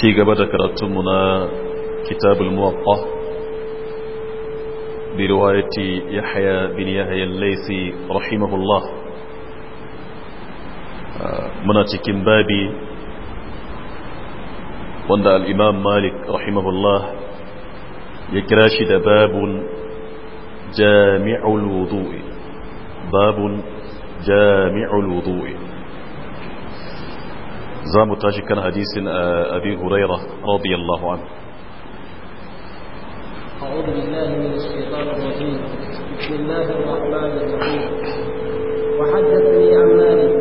ci gaba da karatunmu na kitabul muwatta bi riwayati yahya bin yahya al-laythi rahimahullah muna cikin babi wanda al-imam malik rahimahullah ya kira shi da babun jami'ul wudu'i babun jami'ul wudu'i زامو تاشي كان حديث آه، أبي هريرة رضي الله عنه أعوذ بالله من الشيطان الرجيم بسم الله الرحمن الرحيم وحدثني عن مالك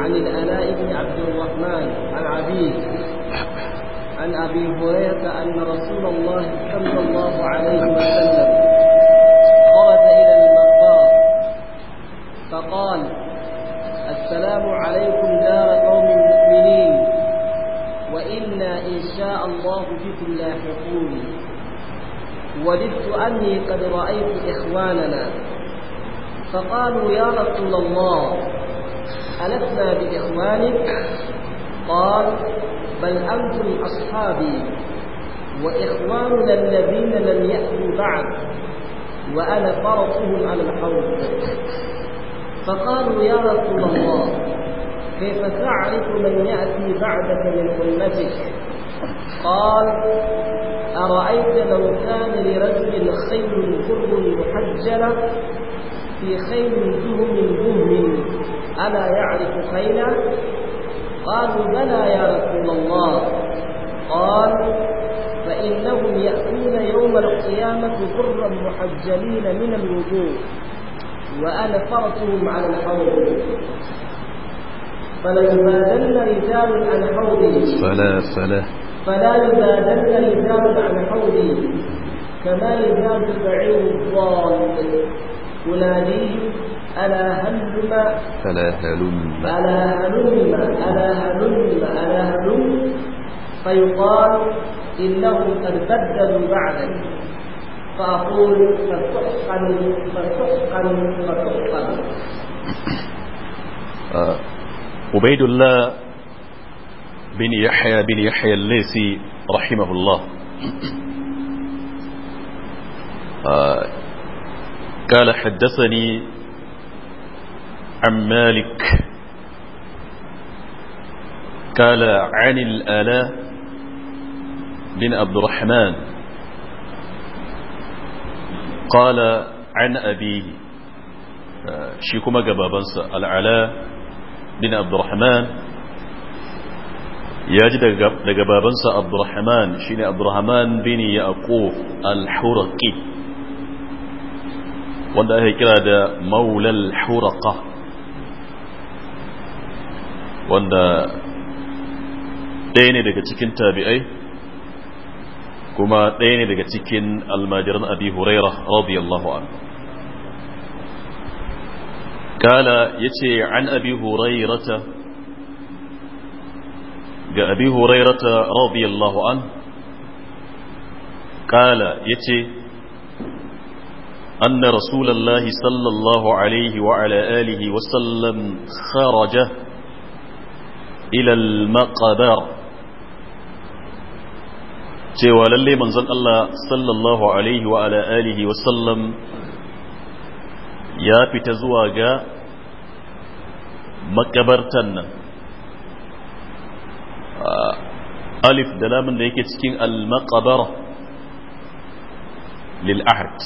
عن الآلاء بن عبد الرحمن عن عبيد عن أبي هريرة أن رسول الله صلى الله عليه وسلم خرج إلى المقبرة فقال السلام عليكم دار شاء الله بكم لاحقون وددت أني قد رأيت إخواننا فقالوا يا رسول الله ألفنا بإخوانك قال بل أنتم أصحابي وإخواننا الذين لم يأتوا بعد وأنا فرطهم على الحوض فقالوا يا رسول الله كيف تعرف من يأتي بعدك من أمتك قال أرأيت لو كان لرجل خيل كرب محجلة في خيل جهم جهم ألا يعرف خيلا قالوا بلى يا رسول الله قال فإنهم يأتون يوم القيامة كرا محجلين من الوجوه وأنا فرسهم على الحوض دل رجال عن حوضهم فلا فلا فلا يبادلن لسانك عن حولي كما يزاد البعير الضال يناديهم ألا هلم ألا هلم ألا هلم ألا هلم ألا هلم فيقال إنهم قد بدلوا بعدك فأقول فتحقن فتحقن فتحقن أبيد آه، الله بن يحيى بن يحيى الليسي رحمه الله آه، قال حدثني عن مالك قال عن الآلاء بن عبد الرحمن قال عن أبيه آه، شيكما قبابنسا العلاء بن عبد الرحمن ya ji daga babansa abdurrahman shine abdurrahman bin yaqub al-huraqi wanda ake kira da maulal huraqa wanda ɗaya ne daga cikin tabi'ai kuma ɗaya ne daga cikin almajiran abi huraira radiyallahu anhu kala yace an abi hurairata ga abi hurairata radiyallahu an kala yace anna rasulullahi sallallahu alaihi wa ala alihi wa sallam kharaja ilal al cewa lalle manzon Allah sallallahu alaihi wa ala alihi wa sallam ya fita zuwa ga makabartan nan alif da lamun da yake cikin al-maqabara lil ahad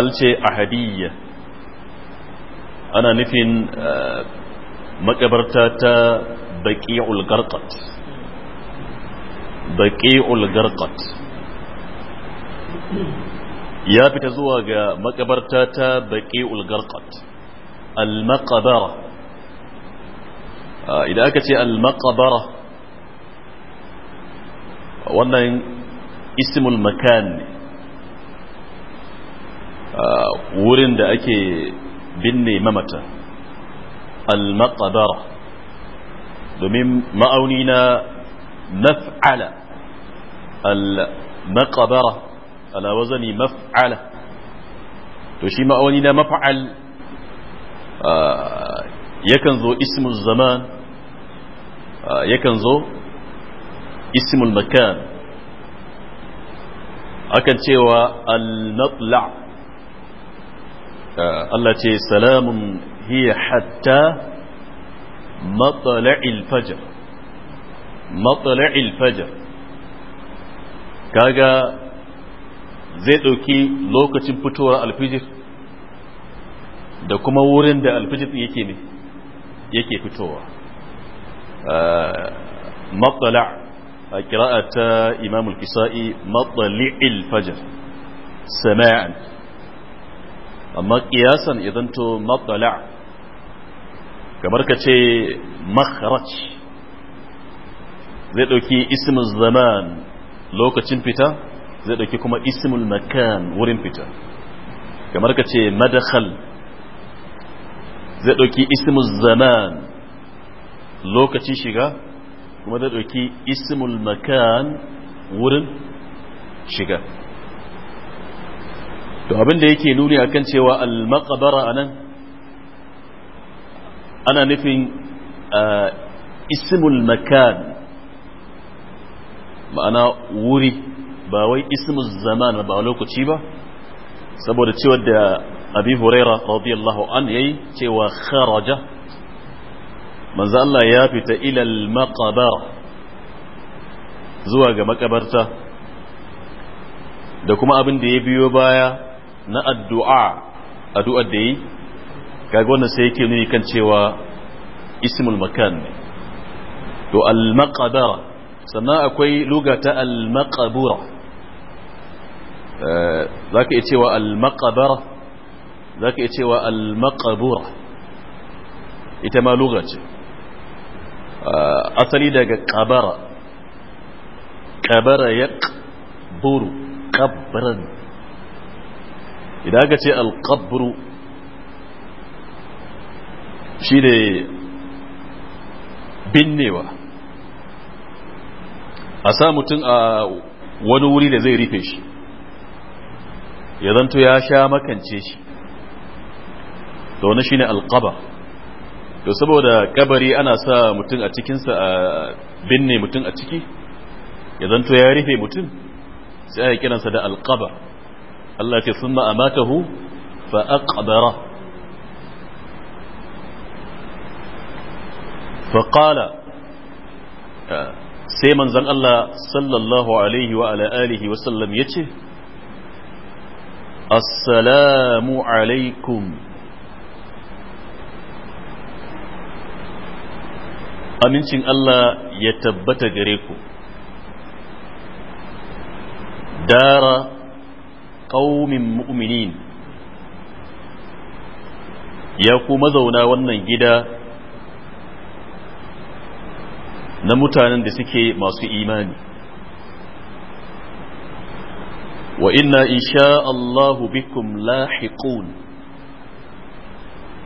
al ce ahadiyya ana nufin makabarta ta baqi'ul garqat baqi'ul garqat ya fita zuwa ga makabarta ta baqi'ul garqat al-maqabara idan aka ce al maqbara wannan ismul makan wurin da ake binne mamata al maqbara domin ma'auni na maf'ala al maqbara ala wazani maf'ala to shi ma'auni na maf'al yakan zo ismul zaman yakan zo ismul makan akan cewa al-matla Allah ce salamun hiya hatta matla'il fajr matla'il fajr kaga zai ɗauki lokacin fitowar alfijir da kuma wurin da alfijir yake ne yake fitowa matsala a kira'a ta imamul kisa'i matsali'il fajar sama'an amma kiyasan idan to matsala kamar ka ce makharaj zai ɗauki ismin zaman lokacin fita zai ɗauki kuma ismul makan wurin fita kamar ka ce madakhal zai ɗauki ismul zaman lokacin shiga kuma zai ɗauki ismul makan wurin shiga to abin da yake nuni akan cewa al-maqbara anan ana nufin ismul makan ma'ana wuri ba wai ismul zaman ba lokaci ba saboda cewa da abi huraira radiyallahu an yayi cewa kharaja manzo Allah ya fita ila al-maqbar zuwa ga makabarta da kuma abin da ya biyo baya na addu'a addu'ar da yi kaga wannan sai yake nuni kan cewa ismul makan ne to al sannan akwai lugata al-maqbura eh, zaka iya cewa al-maqbara za ka iya cewa al-maqabura ita ma luga ce ah, asali daga kabara kabara ya ƙaburu ƙabbaran idan aka ce al-ƙabburu shi ne binnewa a sa mutum a wani wuri da zai rufe shi ya zanto ya sha makance shi to wannan shine alqaba to saboda kabari ana sa mutum a cikinsa a binne mutum a ciki ya zanto ya rufe mutum sai ya kiransa da alqaba Allah ce summa amatahu fa aqbara fa qala ah, sai manzon Allah sallallahu alaihi wa ala alihi wa sallam yace assalamu alaikum amincin Allah ya tabbata gare ku dara ƙaumin mu'minin ya kuma zauna wannan gida na mutanen da suke masu imani wa inna insha Allahu bikum lahiqun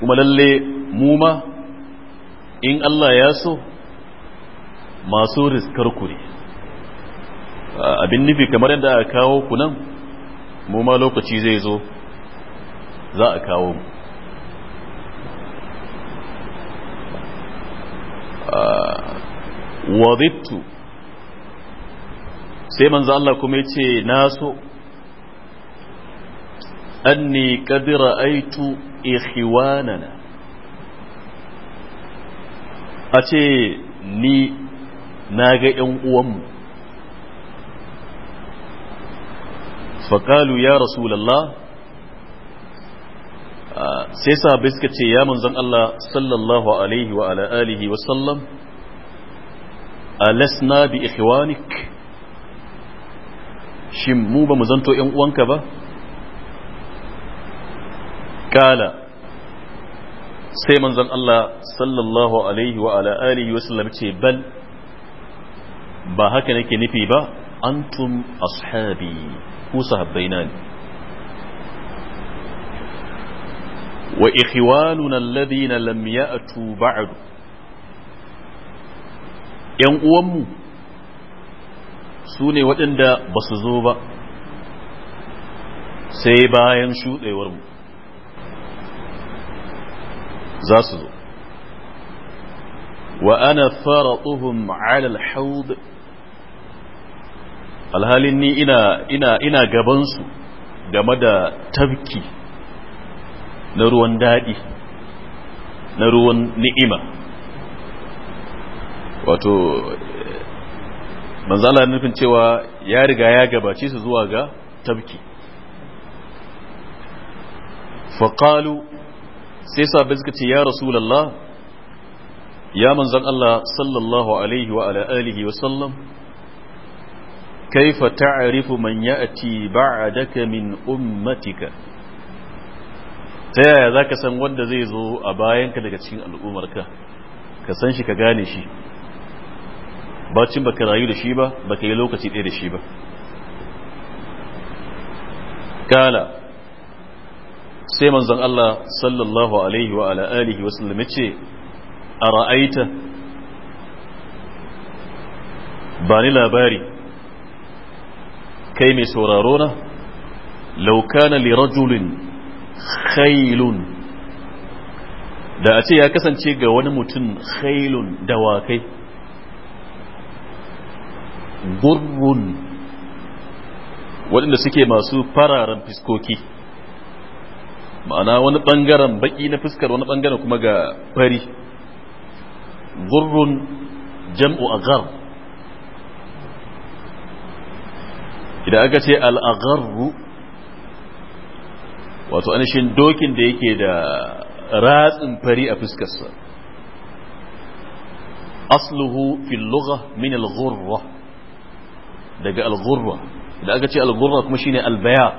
kuma lalle mu ma in Allah ya so masu riskar ku ne abin nufi kamar yadda a kawo ku nan mu ma lokaci zai zo za a kawo mu ah, wadittu sai manzo Allah kuma ya ce na so anni kadira aitu ikhwanana a ce ni na ga ‘yan uwanmu faƙalu ya rasulallah sai sahabai ka ce ya manzan Allah sallallahu alaihi wa ala wa sallam alasna bi ikhwanik shin mu ba mu zanto ‘yan uwanka ba kala sai manzon Allah sallallahu alaihi wa ala alihi ce bal ba haka nake nufi ba antum ashabi ku sahabbaina ne wa ikhwanuna alladhina lam ya'tu ba'd yan uwanmu su ne waɗanda ba su zo ba sai bayan shuɗewarmu za su zo wa ana faratuhum ala alhawd alhalin ni ina ina ina gaban su game da tabki na ruwan daɗi na ruwan ni'ima wato manzala nufin cewa ya riga ya gabace su zuwa ga tafki faƙalu sai sahabbai suka ce ya rasulallah ya manzon Allah sallallahu alaihi wa ala alihi wa sallam kaifa ta'rifu man ya'ti ba'daka min ummatika ta yaya zaka san wanda zai zo a bayanka daga cikin al'ummarka ka san shi ka gane shi bacin baka rayu da shi ba baka yi lokaci ɗaya da shi ba kala sai manzon Allah sallallahu alaihi wa ala alihi wa sallam yace ara'aita ba ni labari kai mai sauraro na law kana li rajulin khailun da a ce ya kasance ga wani mutum khailun dawakai Gurgun. waɗanda suke masu fararen fiskoki ma'ana wani bangaren baƙi na fuskar wani ɓangaren kuma ga fari gurrun jam'u agar idan aka ce al'agarru wato anishin dokin da yake da ratsin fari a fuskarsa asluhu fil lugha min al-ghurra daga al-ghurra da aka ce al-ghurra kuma shine al-bayat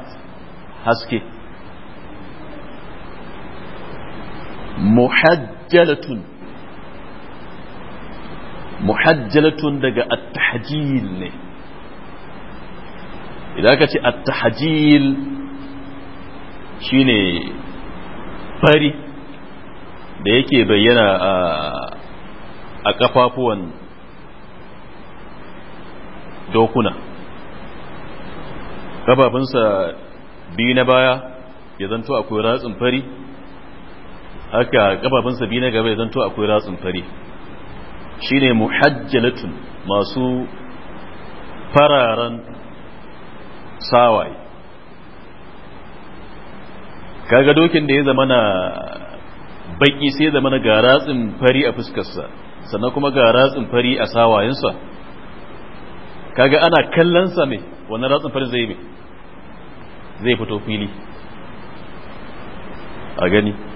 haske muhajjalatun muhajjalatun daga attahajil ne idan ka ce attahajil shine fari da yake bayyana a kafafuwan dokuna kafafunsa biyu na baya ya zanto akwai ratsin fari haka kafafunsa biyu na gaba ya zanto akwai ratsin fari shine muhajjalatun masu fararen sawaye kaga dokin da ya zama na baki sai ya zama na ga ratsun fari a fuskarsa sannan kuma ga ratsun fari a sawayensa kaga ana kallonsa ne wannan ratsin fari zai zai fito fili a gani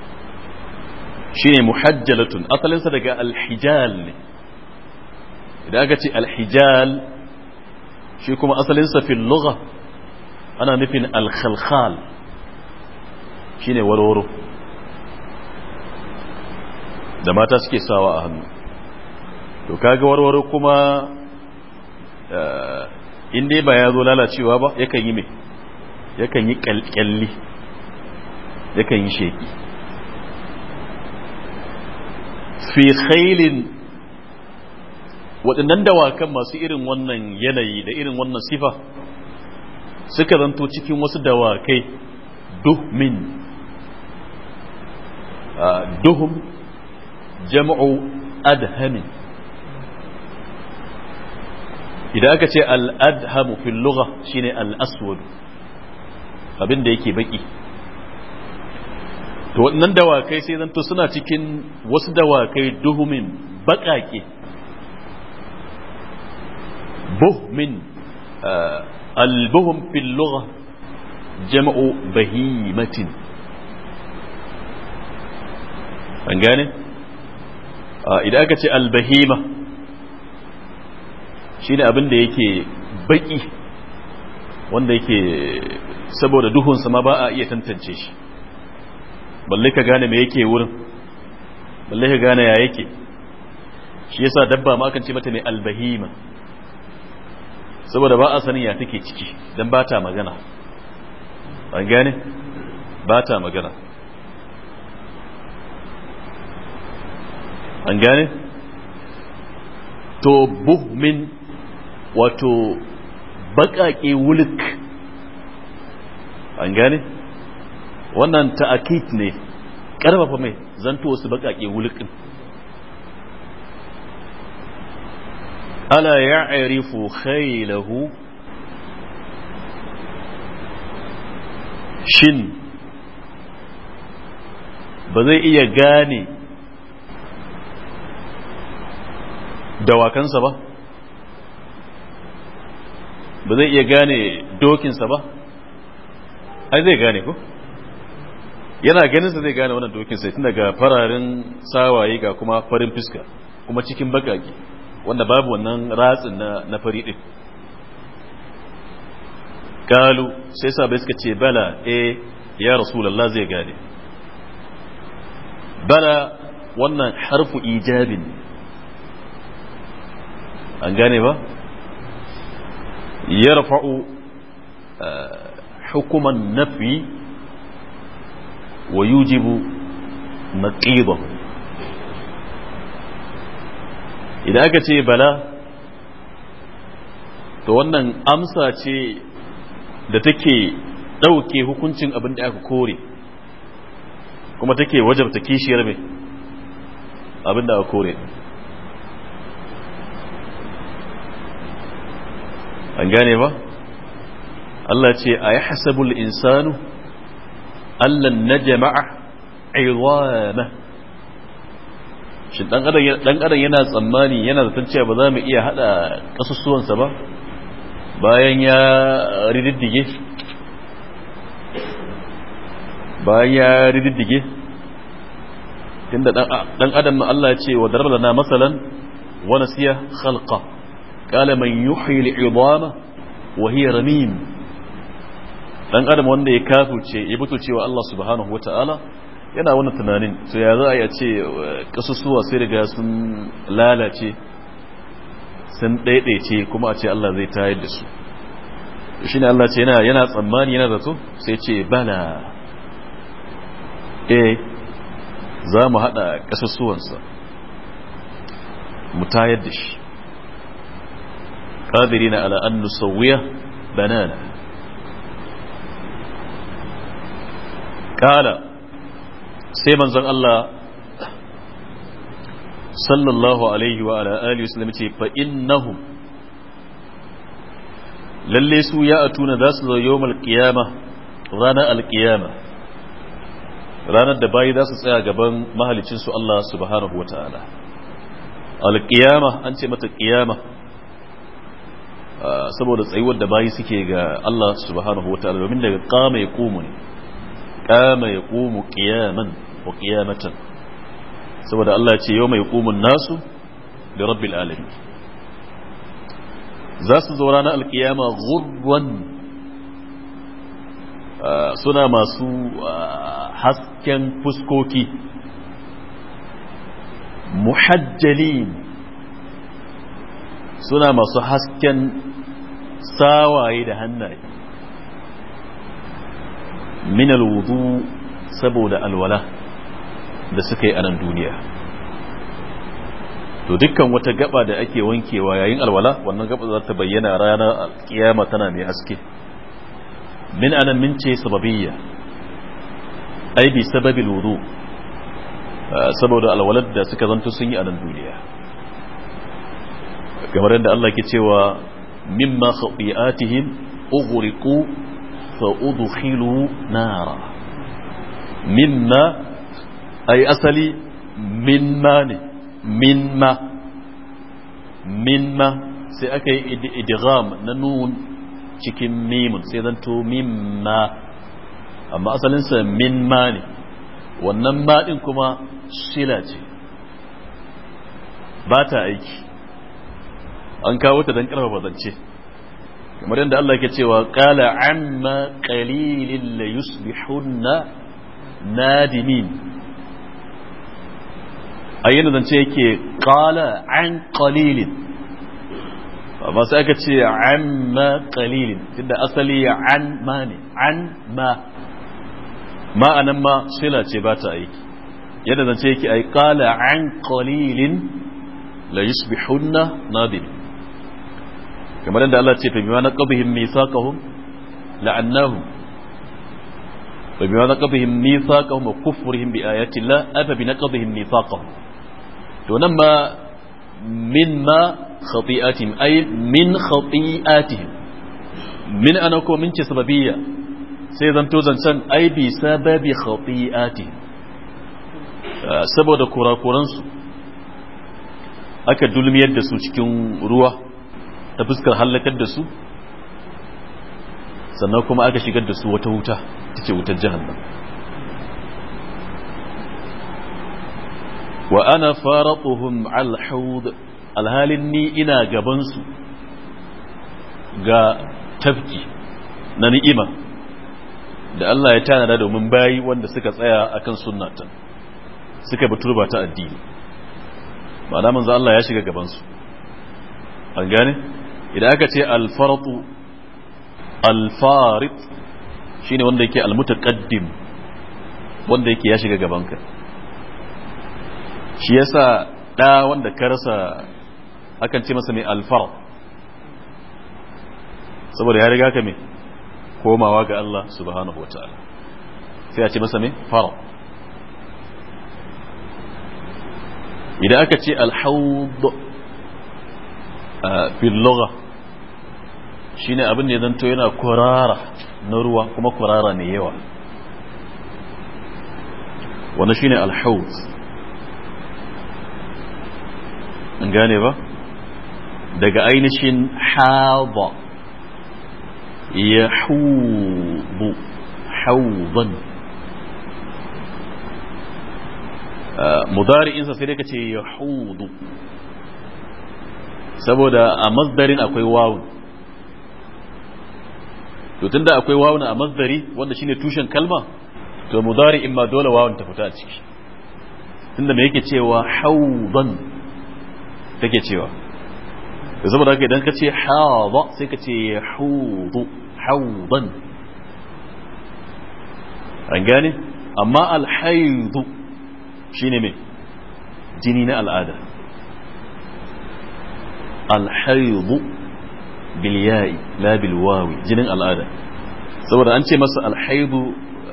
shine muhajjalatun asalinsa daga alhijal ne idan aka ce alhijal shi kuma asalinsa fil lugha ana nufin alkhalkhal shine warwaro da mata suke sawa a hannu to kaga warwaro kuma eh, in dai ba ya zo lalacewa ba yakan yi me yakan yi kyalli yakan yi sheki fi khailin waɗannan dawakan masu irin wannan yanayi da irin wannan sifa suka zanto cikin wasu dawakai duhmin duhum jam'u adhamin idan aka ce al-adhamu fil lugha shine al-aswad abin da yake baki to waɗannan dawakai sai zanto suna cikin wasu dawakai duhumin baƙaƙe buhumin eh, albuhum fil jama'u bahimatin an gane ah, idan aka ce albahima shine abin da yake baƙi wanda yake saboda duhunsa ma ba a iya tantance shi balle ka gane me yake wurin balle ka gane ya yake shi yasa dabba ma kan ce mata mai albahima saboda ba a sanin ya take ciki dan ba ta magana an gane ba ta magana an gane to buhmin wato baƙaƙe wulik an gane wannan ta'akid ne karfafa mai zanto wasu bakake wulukin ala ya'rifu khaylahu shin ba zai iya gane dawakansa ba ba zai iya gane dokinsa ba ai zai gane ko yana ganin sa zai gane wannan dokin sai tun daga fararin sawaye ga kuma farin Fiska kuma cikin bakaki wanda babu wannan ratsin na na fari din kalu sai bai suka ce bala eh ya rasulullah zai gane bala wannan harfu ijabin an gane ba yarfa'u eh, hukuman nafi Wayujibu yujibu naqidahu idan aka ce bala to wannan amsa ce da take ɗauke hukuncin abin da aka kore kuma take wajabta kishiyar mai abin da aka kore an gane ba Allah ce a yi hasabul insanu allan na jama'a aiwama shi dan adam yana tsammani yana da cewa ba za mu iya hada kasusuwansa ba bayan ya rididdige bayan ya rididdige inda dan adam Allah ya ce wa darba na masalan wa nasiya khalqa qala man yuhyi idama wa hiya ramin. dan adam wanda ya kafirce ya buto cewa Allah subhanahu ta'ala yana wannan tunanin to ya za a yi ce kasusuwa uh, sai daga sun lalace sun ɗaiɗaice kuma a ce Allah zai tayar da su shi ne Allah ce yana tsammani yana zato sai ce bala e za mu haɗa ƙasusuwansa mu tayar da shi ƙadiri na ala'an nusawiya banana kala sai manzan Allah sallallahu alaihi wa ala ce fa lalle su ya tuna za su zo ranar ranar da bayi za su tsaya gaban mahalicinsu Allah subhanahu wa ta'ala an ce mata ƙiyama. saboda tsayuwar da bayi suke ga Allah subhanahu wa ta'ala domin daga qama yaqumu ne kama ya ƙumu ƙiyaman wa ƙiyamatan saboda Allah ce yau mai ƙumun nasu da rabbil alami. za su zo ranar alƙiyama gurwan suna masu hasken fuskoki muhajjalin suna masu hasken sawaye da hannaye minal alwudu saboda alwala da suka yi a nan duniya to dukkan wata gaba da ake wankewa yayin alwala wannan gaba za ta bayyana ranar kiyama tana mai haske min anan min ce sababiyya ai bi sababil wudu saboda alwalar da suka zanto sun yi a nan duniya kamar yadda Allah ke cewa mimma khati'atihim ughriqu فأدخلوا نارا مما أي أصلي مما مما مما سأكي إدغام ننون cikin mimun sai zanto mimma ne wannan maɗin kuma shila ce ba ta aiki an kawo ta don ƙarfafa zance kamar yadda Allah ke cewa qala amma qalilin la yusbihunna nadimin ayyana zance yake qala an qalilin ba sai aka ce amma qalilin tunda asali an ma ne an ma anan ma sila ce ba ta aiki yadda ce yake ai qala an qalilin la yusbihunna nadimin kamar da Allah ce fa bima naqabihim mithaqahum la'annahum fa bima naqabihim mithaqahum wa kufrihim bi ayati Allah afa bi naqabihim mithaqahum to nan ma min ma khati'atihim ay min khati'atihim min ana ko min ce sababiyya sai zanto zancen ai bi sababi khati'atihim ah, saboda kurakuransu aka dulmiyar da su cikin ruwa ta fuskar hallakar da su sannan kuma aka shigar da su wata wuta take wutar jahannam wa ana faratuhum al alhalin ni ina gabansu ga tafki na ni'ima da Allah ya tanada domin bayi wanda suka tsaya akan sunnatan suka bi turba ta addini ma'ana manzo Allah ya shiga gabansu. an gane idan aka ce alfaratu alfarit shine wanda yake almutaqaddim wanda yake ya shiga gabanka shi yasa da wanda ka rasa akan ce masa mai alfar saboda ya riga ka me komawa ga Allah subhanahu wataala sai a ce masa mai far idan aka ce alhaud ah, fil lugha ne abin da ya zanto yana kurara na ruwa kuma kurara mai yawa wani shine alhaut an gane ba daga ainihin haɗa ya haubu hauban ah, mudari'insa sai dai ka ce ya haudu saboda a masdarin akwai wawu to tunda akwai wawuna a mazdari wanda shine tushen kalma to mudari in ma dole wawun ta fita a ciki tunda me yake cewa hawdan take cewa da saboda haka idan ka ce hawda sai ka ce hawdu hawdan an gane amma alhaidu shine me jini na al'ada alhaidu bilya'i la bilwawi jinin al'ada saboda an ce masa alhaidu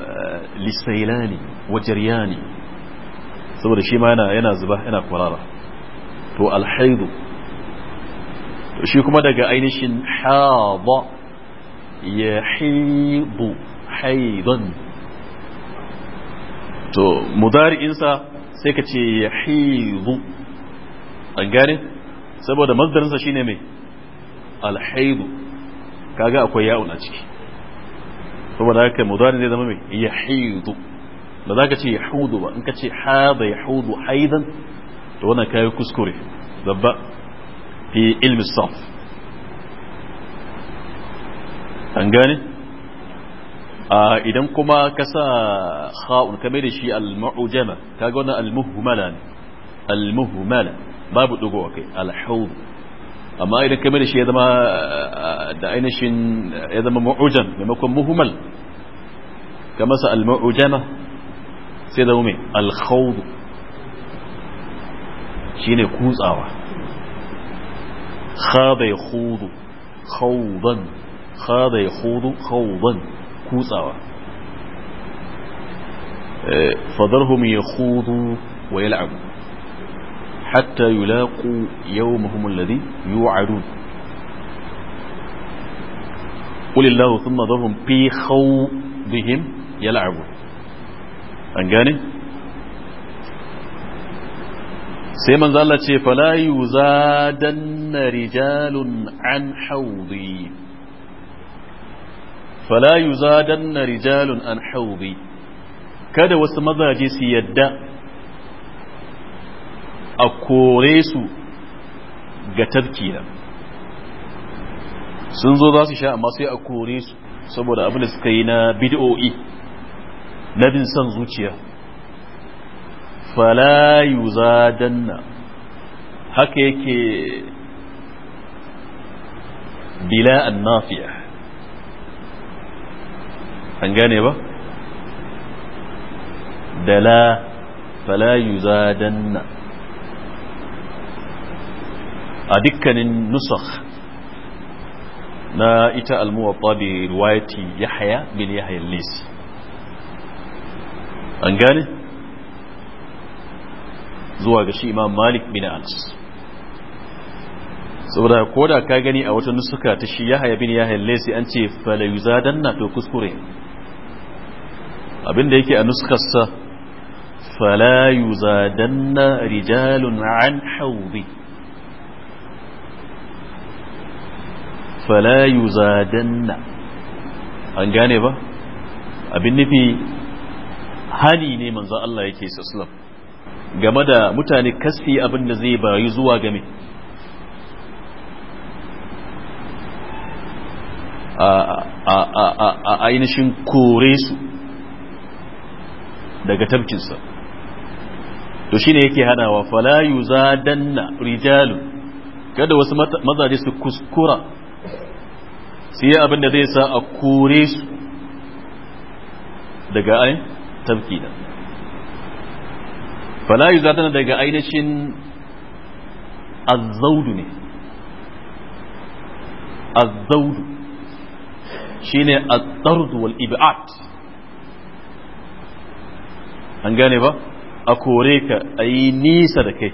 eh, lisailani wa jaryani saboda shi ma yana yana zuba yana kwarara to alhaidu to shi kuma daga ainihin haɗa ya haidu haidon to mudari'insa sai ka ce ya haidu an gane saboda mazdarinsa shine mai alhaidu kaga akwai ya'un a ciki saboda haka mudari zai zama mai yahidu ba za ka ce yahudu ba in ka ce hada yahudu haidan to wannan kayi kuskure babba fi ilmi saf an gane idan kuma ka sa kha'un ka mai da shi al-mu'jama kaga wannan al-muhmala ne al-muhmala babu dugo kai al-haudu amma idan ka mai da shi ya zama da ainihin ya zama mu'ujan maimakon muhimmal ka masa al-mu'ujama sai zama mai al-khawd shine kutsawa khada yakhudu khawdan khada yakhudu khawdan kutsawa fadarhum yakhudu wa yal'abu حتى يلاقوا يومهم الذي يوعدون قل الله ثم ذرهم في خوضهم يلعبون أنجاني سيمن ذالة فلا يزادن رجال عن حوضي فلا يزادن رجال عن حوضي كذا وسمذا جيس يدأ a kore su ga tafki sun zo za su sha amma sai a kore su saboda abin da suka yi na bid'o'i na bin son zuciya Falayu Zadanna haka yake bila an an gane ba dala Falayu Zadanna. a dukkanin nusakh na ita almuwatta bi riwayati yahya bin yahya lisi an gane zuwa ga shi imam malik bin anas saboda ko da ka gani a wata nusuka ta shi yahya bin yahya lisi an ce fala yuzadanna to kuskure abinda yake a nuskarsa fala yuzadanna rijalun an hawbi fala yuzadanna an gane ba abin nufi hani ne manzo Allah yake sallam game da mutane kasfi abin da zai bayu zuwa game a ainihin kore su daga tafkinsa to shine yake hanawa fala yuzadanna rijalu kada wasu mazaje su kuskura su yi abin da zai sa a kore su daga ai tafki da falayu za ta daga ainihin azaudu ne azaudu shine azardu wal ib'at an gane ba a kore ka a yi nisa da kai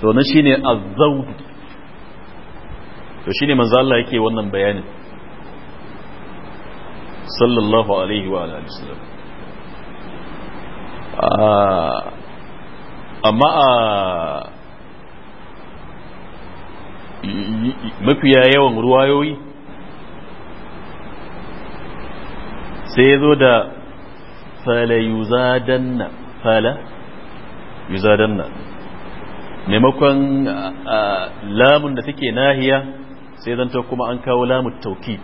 sau na ne azaudu to shine manzo Allah yake wannan bayanin sallallahu alaihi wa alihi wasallam ah, amma a mafiya yawan ruwayoyi sai ya zo da fala yuzadanna fala yuzadanna maimakon ah, lamun da take nahiya sai zanta kuma an kawo lamu taukid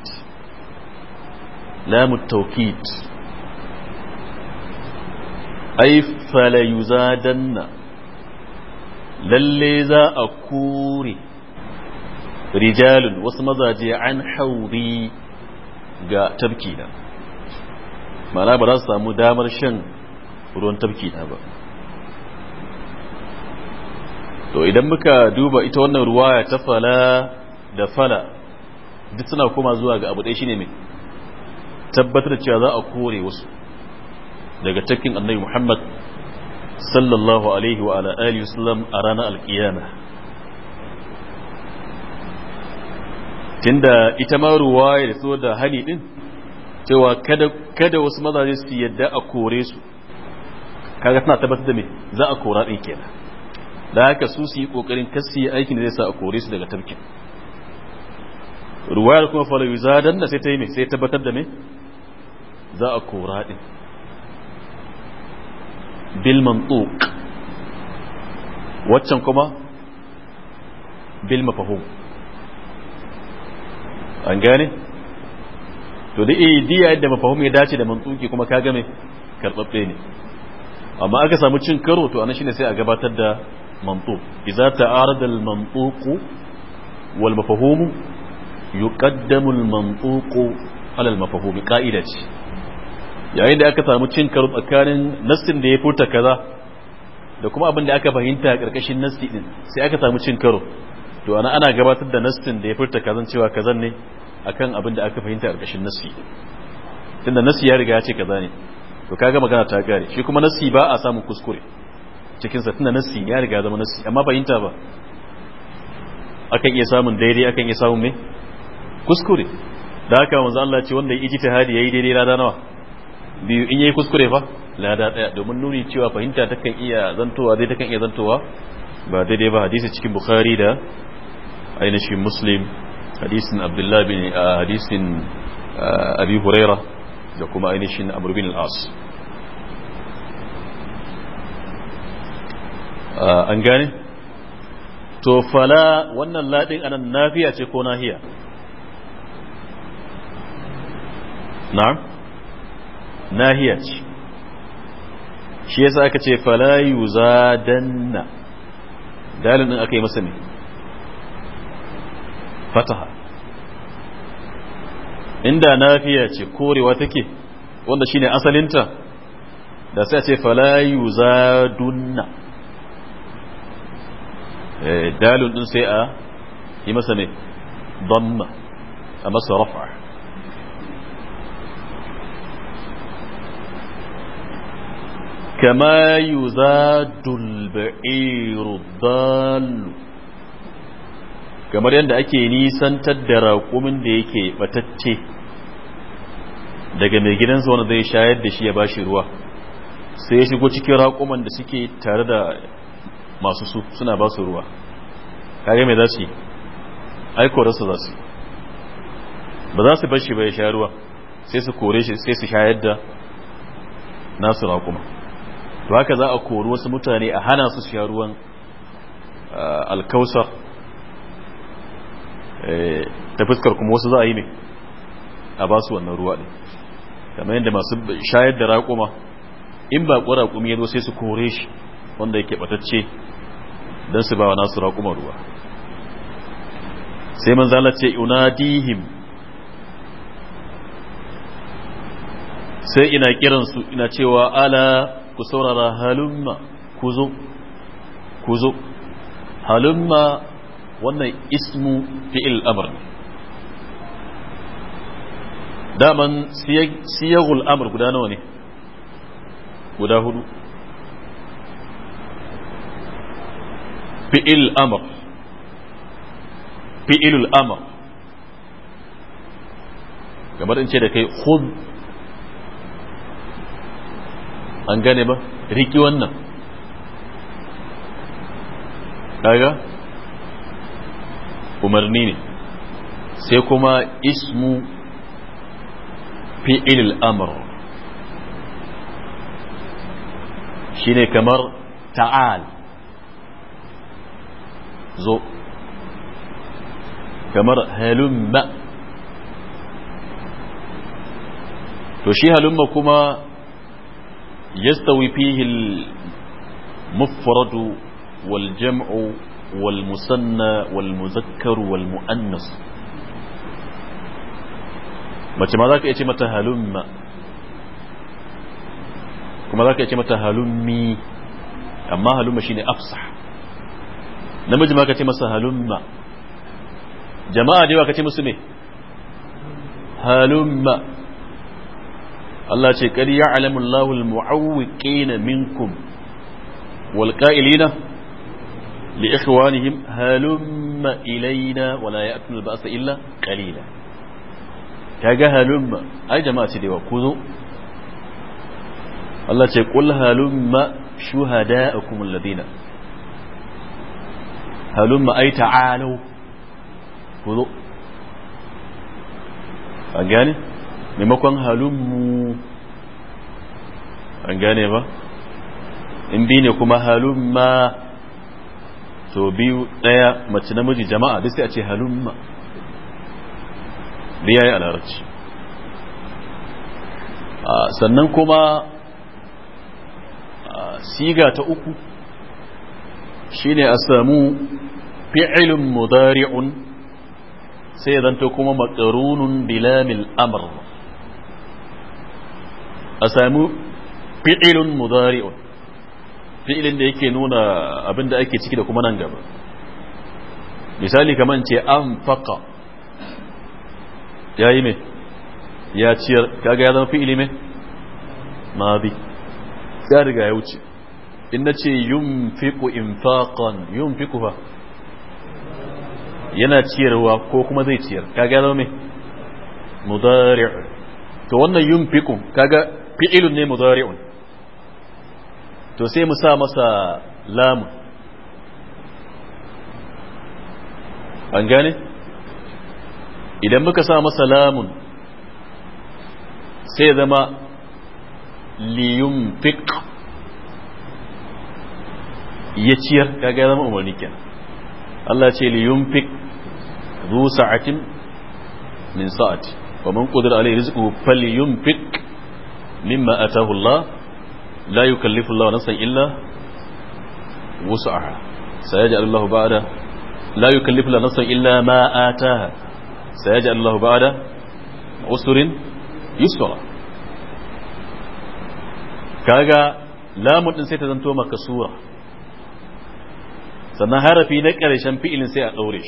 lamu taukid ai danna. lalle za a kure rijalun wasu mazaje an hauri ga tafki na mana ba za su samu damar shan ruwan tafki na ba to idan muka duba ita wannan ruwa ta fala da fala duk suna koma zuwa ga abu ɗaya shine mai tabbatar da cewa za a kore wasu daga takin annabi muhammad sallallahu alaihi wa ala alihi wasallam a ranar alkiyama tunda ita ma ruwaya da so da hani din cewa kada kada wasu mazaje su yadda a kore su kaga tana tabbatar da me za a kora din kenan da haka su su yi kokarin kasi aikin da zai sa a kore su daga tafkin ruwayar kuma falo zadan da sai ta yi mai sai tabbatar da mai za a kora ɗin bil mantuq waccan kuma bil mafahum an gane to eh, da iya diya yadda mafahum ya dace da mantsuki kuma ka game karɓaɓɓe ne amma aka samu cin karo to anan shine sai a gabatar da mantuq idza ta'arada al mantuq wal mafahumu. yuqaddamu al-mantuqu ala al-mafhumi ka'ida yayin da aka samu cin karo tsakanin nassin da ya furta kaza da kuma abin da aka fahimta a karkashin nassi din sai aka samu cin karo to ana ana gabatar da nassin da ya furta kazan cewa kazan ne akan abin da aka fahimta a karkashin nassi tunda nassi ya riga ya ce kaza ne to kaga magana ta gare shi kuma nassi ba a samun kuskure cikin sa tunda nassi ya riga zama nassi amma fahimta ba akan iya samun daidai akan iya samun me kuskure da haka manzo Allah ce wanda ya ijtihadi yayi daidai lada nawa biyu in yayi kuskure fa lada daya domin nuni cewa fahimta takan iya zantowa dai takan iya zantowa ba daidai ba hadisi cikin bukhari da ainihin muslim hadisin abdullah bin hadisin abi huraira da kuma ainihin amr bin al-as an gane to fala wannan ladin anan nafiya ce ko nahiya na'am nahiya ce shi yasa aka ce falayu zadanna dalin din aka yi masa ne fataha inda nafiya ce korewa take wanda shine asalinta da sai a ce falayu zadunna eh, dalin din sai a yi masa ne damma a masa rafa كما يزاد البعير الضال kamar yadda ake nisan da raƙumin da yake batacce daga mai gidansa wanda zai shayar da shi ya bashi ruwa sai ya shigo cikin raƙuman da suke tare da masu su suna ba su ruwa kage mai za su yi aiko rasa za su ba za su bar shi ba ya sha ruwa sai su kore shi sai su shayar da nasu raƙuma to haka za a kori wasu mutane a hana su sha ruwan alkausar e, ta fuskar kuma wasu za a yi ne a ba su wannan ruwa ne. kamar yadda masu shayar da raƙuma in ba ƙura ƙumi yadda sai su kore shi wanda yake batacce don su ba nasu raƙuma ruwa sai man zala ce unadihim sai ina kiransu ina cewa ala ku saurara halumma ku zo ku zo halumma wannan ismu fi'il amr daman siyagul amr guda nawa ne guda hudu fi'il amr fi'ilul amr kamar in ce da kai khudh an gane ba riki wannan daga umarni ne sai kuma ismu fi'il al'amr shine kamar ta'al zo kamar halumma to shi halumma kuma يستوي فيه المفرد والجمع والمثنى والمذكر والمؤنث mace ma za ka iya ce mata halumma kuma za ka iya ce mata halummi amma halumma shine afsah namiji ma ka ce masa halumma jama'a da yawa ka ce musu me halumma Allah ce kad ya'lamu Allahu al-mu'awwiqina minkum wal qa'ilina li ikhwanihim halumma ilaina wa la ya'tuna al-ba'sa illa qalila kaga halumma ai jama'a ce dewa ku zo Allah ce qul halumma shuhada'akum alladhina halumma ai ta'alu ku zo an gane maimakon halummu an gane ba in bi ne kuma halumma to biyu ɗaya mace namiji jama'a duk sai a ce halumma da ya a larabci sannan kuma siga ta uku shine a samu fi'ilun mudari'un sai zanto kuma makarunun bilamil amr a samu fi'ilun mudari'un fi'ilin da yake nuna abin da ake ciki da kuma nan gaba misali kaman ce an faƙa ya yi mai ya ciyar kaga ya zama fi'ili mai mabi ya riga ya wuce in na ce yun fiƙu in faƙon yun fiƙu fa? yana ciyarwa ko kuma zai ciyar kaga ya zama mai mudari'un to wannan yun fiƙu kaga fi'ilun ne mudari'un to sai mu sa masa lamun an gane idan muka sa masa lamun sai zama liyun fik ya ciyar kaga zama umarni kenan Allah ce liyun fik zu sa'atin min sa'ati wa man qadara alayhi rizquhu falyunfik مما أتاه الله لا يكلف الله نفسا إلا وسعها سيجعل الله بعد لا يكلف الله نفسا إلا ما آتاها سيجعل الله بعد عسر يسرا كاغا لا مدن سيتا زنتو مكسورة سنة هارفي نكرشن في إلن سيئة أوريش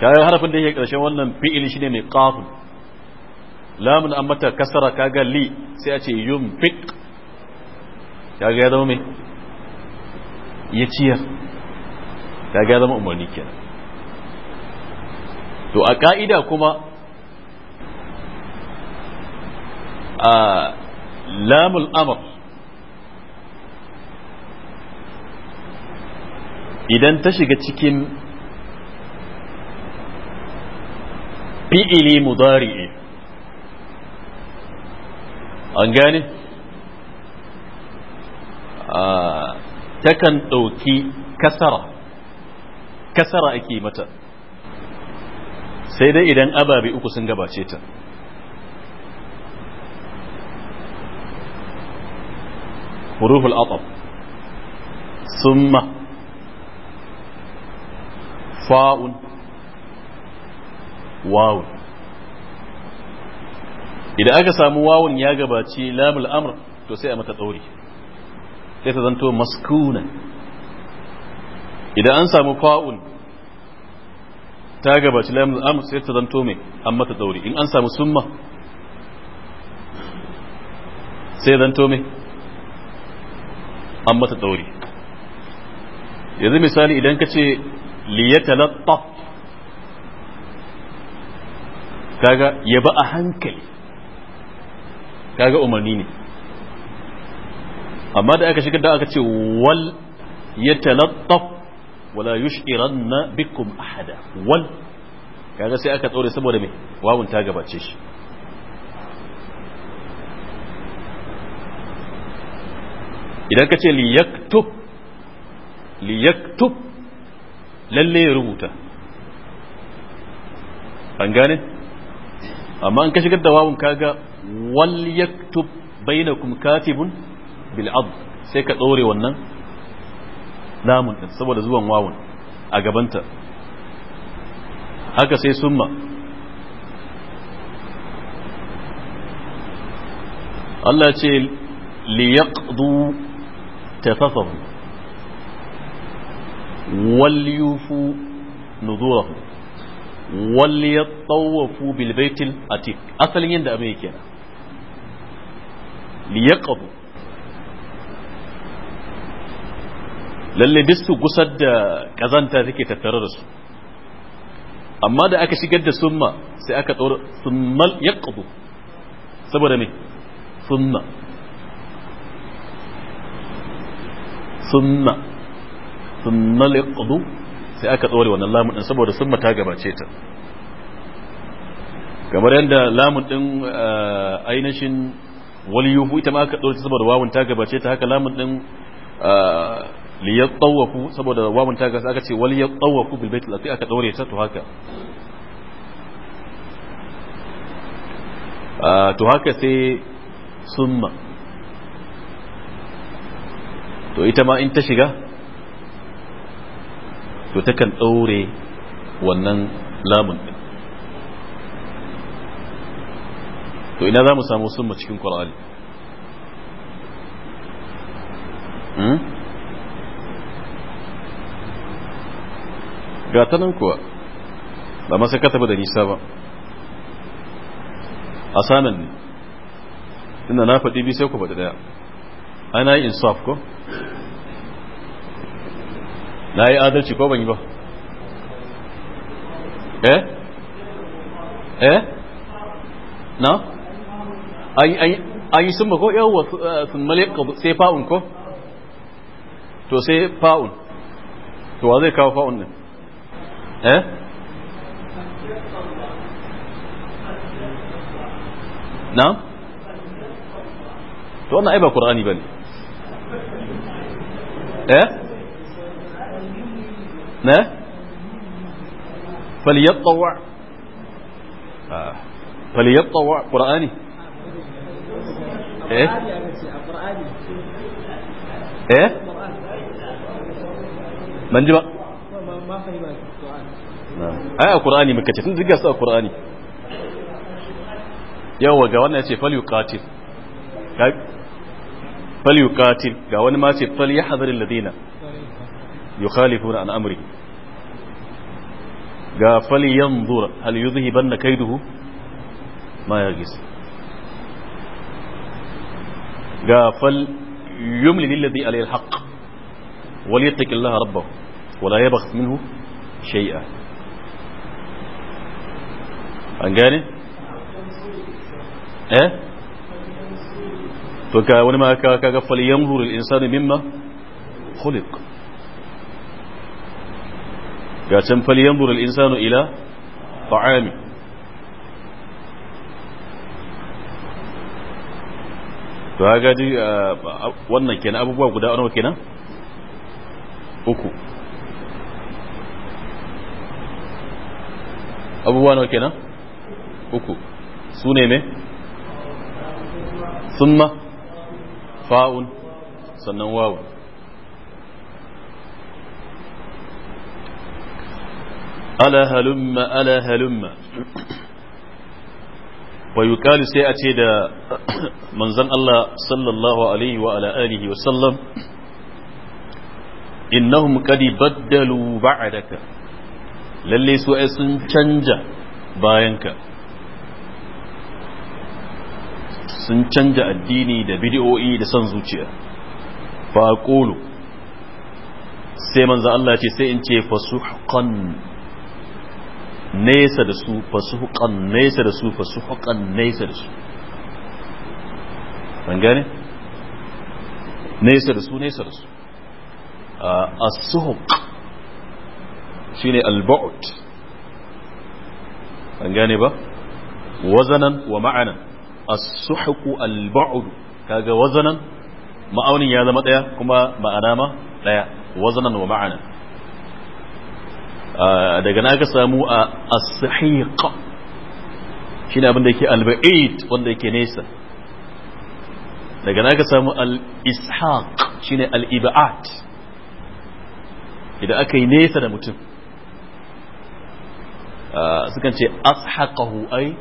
كاغا هارفي نكرشن وانا في إلن شنين قافل lamun an mata kasara kaga li sai a ce yunfiq kaga ya zama mai ya ciyar kaga ya zama umarni kenan to a ka'ida kuma a lamul amr idan ta shiga cikin fi'ili mudari'i an gane ah, takan ɗauki kasara kasara ake mata sai dai idan ababe uku sun gabace ta huruful atab summa fa'un wawun idan aka samu wawun ya gabaci lamul amr to sai a mata tsauri sai ta zanto maskuna idan an samu fa'un ta gabaci lamul amr sai ta zanto mai an mata tsauri in an samu summa sai zanto mai an mata tsauri yanzu misali idan ka ce liyatalatta kaga ya ba a hankali kaga umarni ne amma da aka shigar da aka ce wal ya yatalattaf wala na bikum ahada wal kaga sai aka tsore saboda me wawun ta gabace shi idan ka ce liyaktub liyaktub lalle ya rubuta an gane amma in ka shigar da wawun kaga wal yaktub bainakum katibun bil adl sai ka dore wannan Namun ɗin saboda zuwan wawun a gabanta haka sai summa Allah ce liyaqdu tafasahu wal yufu nudurahu wal yatawafu bil baitil atiq asalin yanda abin yake kenan liyaqdu lalle duk su gusar da kazanta take tattare da su amma da aka shigar da summa sai aka tsoro summal yaqdu saboda me sunna sunna summal yaqdu sai aka tsore wannan lamun din saboda summa ta gabace ta kamar yadda lamun din eh, ainihin waliyufu ita ma aka ɗauki saboda wawun ta gabace ta haka lamun ɗin liyattawafu saboda wawun ta gasa aka ce bil bilbait lafi aka ɗaure ta to haka to haka sai summa to ita ma in ta shiga to takan ɗaure wannan lamun to ina za mu samu summa cikin qur'ani hmm? ga ta nan kuwa ba masa kata ba da nisa ba a sanan ne tunda na faɗi bi sai ku faɗi ɗaya ana yi insaf ko na yi adalci ko ban yi ba eh eh na an yi summa ko yawwa summale sai fa'un ko to sai fa'un to wa zai kawo fa'un din eh na? to wannan ai ba qur'ani bane eh ne falyattawa falyattawa qur'ani eh eh ban ji ba ai a qur'ani muka ce tun diga su a qur'ani yawa ga wannan yace fal yuqatil fal ga wani ma ce fal yahdharil ladina yukhalifuna an amri ga fal yanzur hal kai duhu, ma ya gisa. غافل يملي للذي عليه الحق وليتق الله ربه ولا يبخس منه شيئا أنجاني؟ إيه؟ فكا ونما كا غفل ينظر الإنسان مما خلق قال فلينظر الإنسان إلى طعامه to ya gadi wannan kenan abubuwa guda nawa kenan uku abubuwa nawa kenan uku su ne me summa fa'un sannan wawa ala halumma ala halumma wa yuqalu sai a ce da manzan Allah sallallahu alaihi wa ala alihi wa sallam innahum qad baddalu ba'daka lalle su ai sun canja bayanka sun canja addini da bid'o'i da son zuciya fa aqulu sai manzon Allah ce sai in ce fasuhqan nesa da su fasuhuqan nesa da su fasuhuqan nesa da su an gane nesa da su nesa da su as-suhuq shine al-bu'd an gane ba wazanan wa ma'anan as-suhuq al-bu'd kaga wazanan ma'aunin ya zama ɗaya kuma ma'ana ma daya wazanan wa ma'anan daga na ka samu a as shi ne abin da yake al-ba'id wanda yake nesa daga na ka samu al-ishaq shi ne al ibaat idan aka yi nesa da mutum sukan ce ashaqahu ai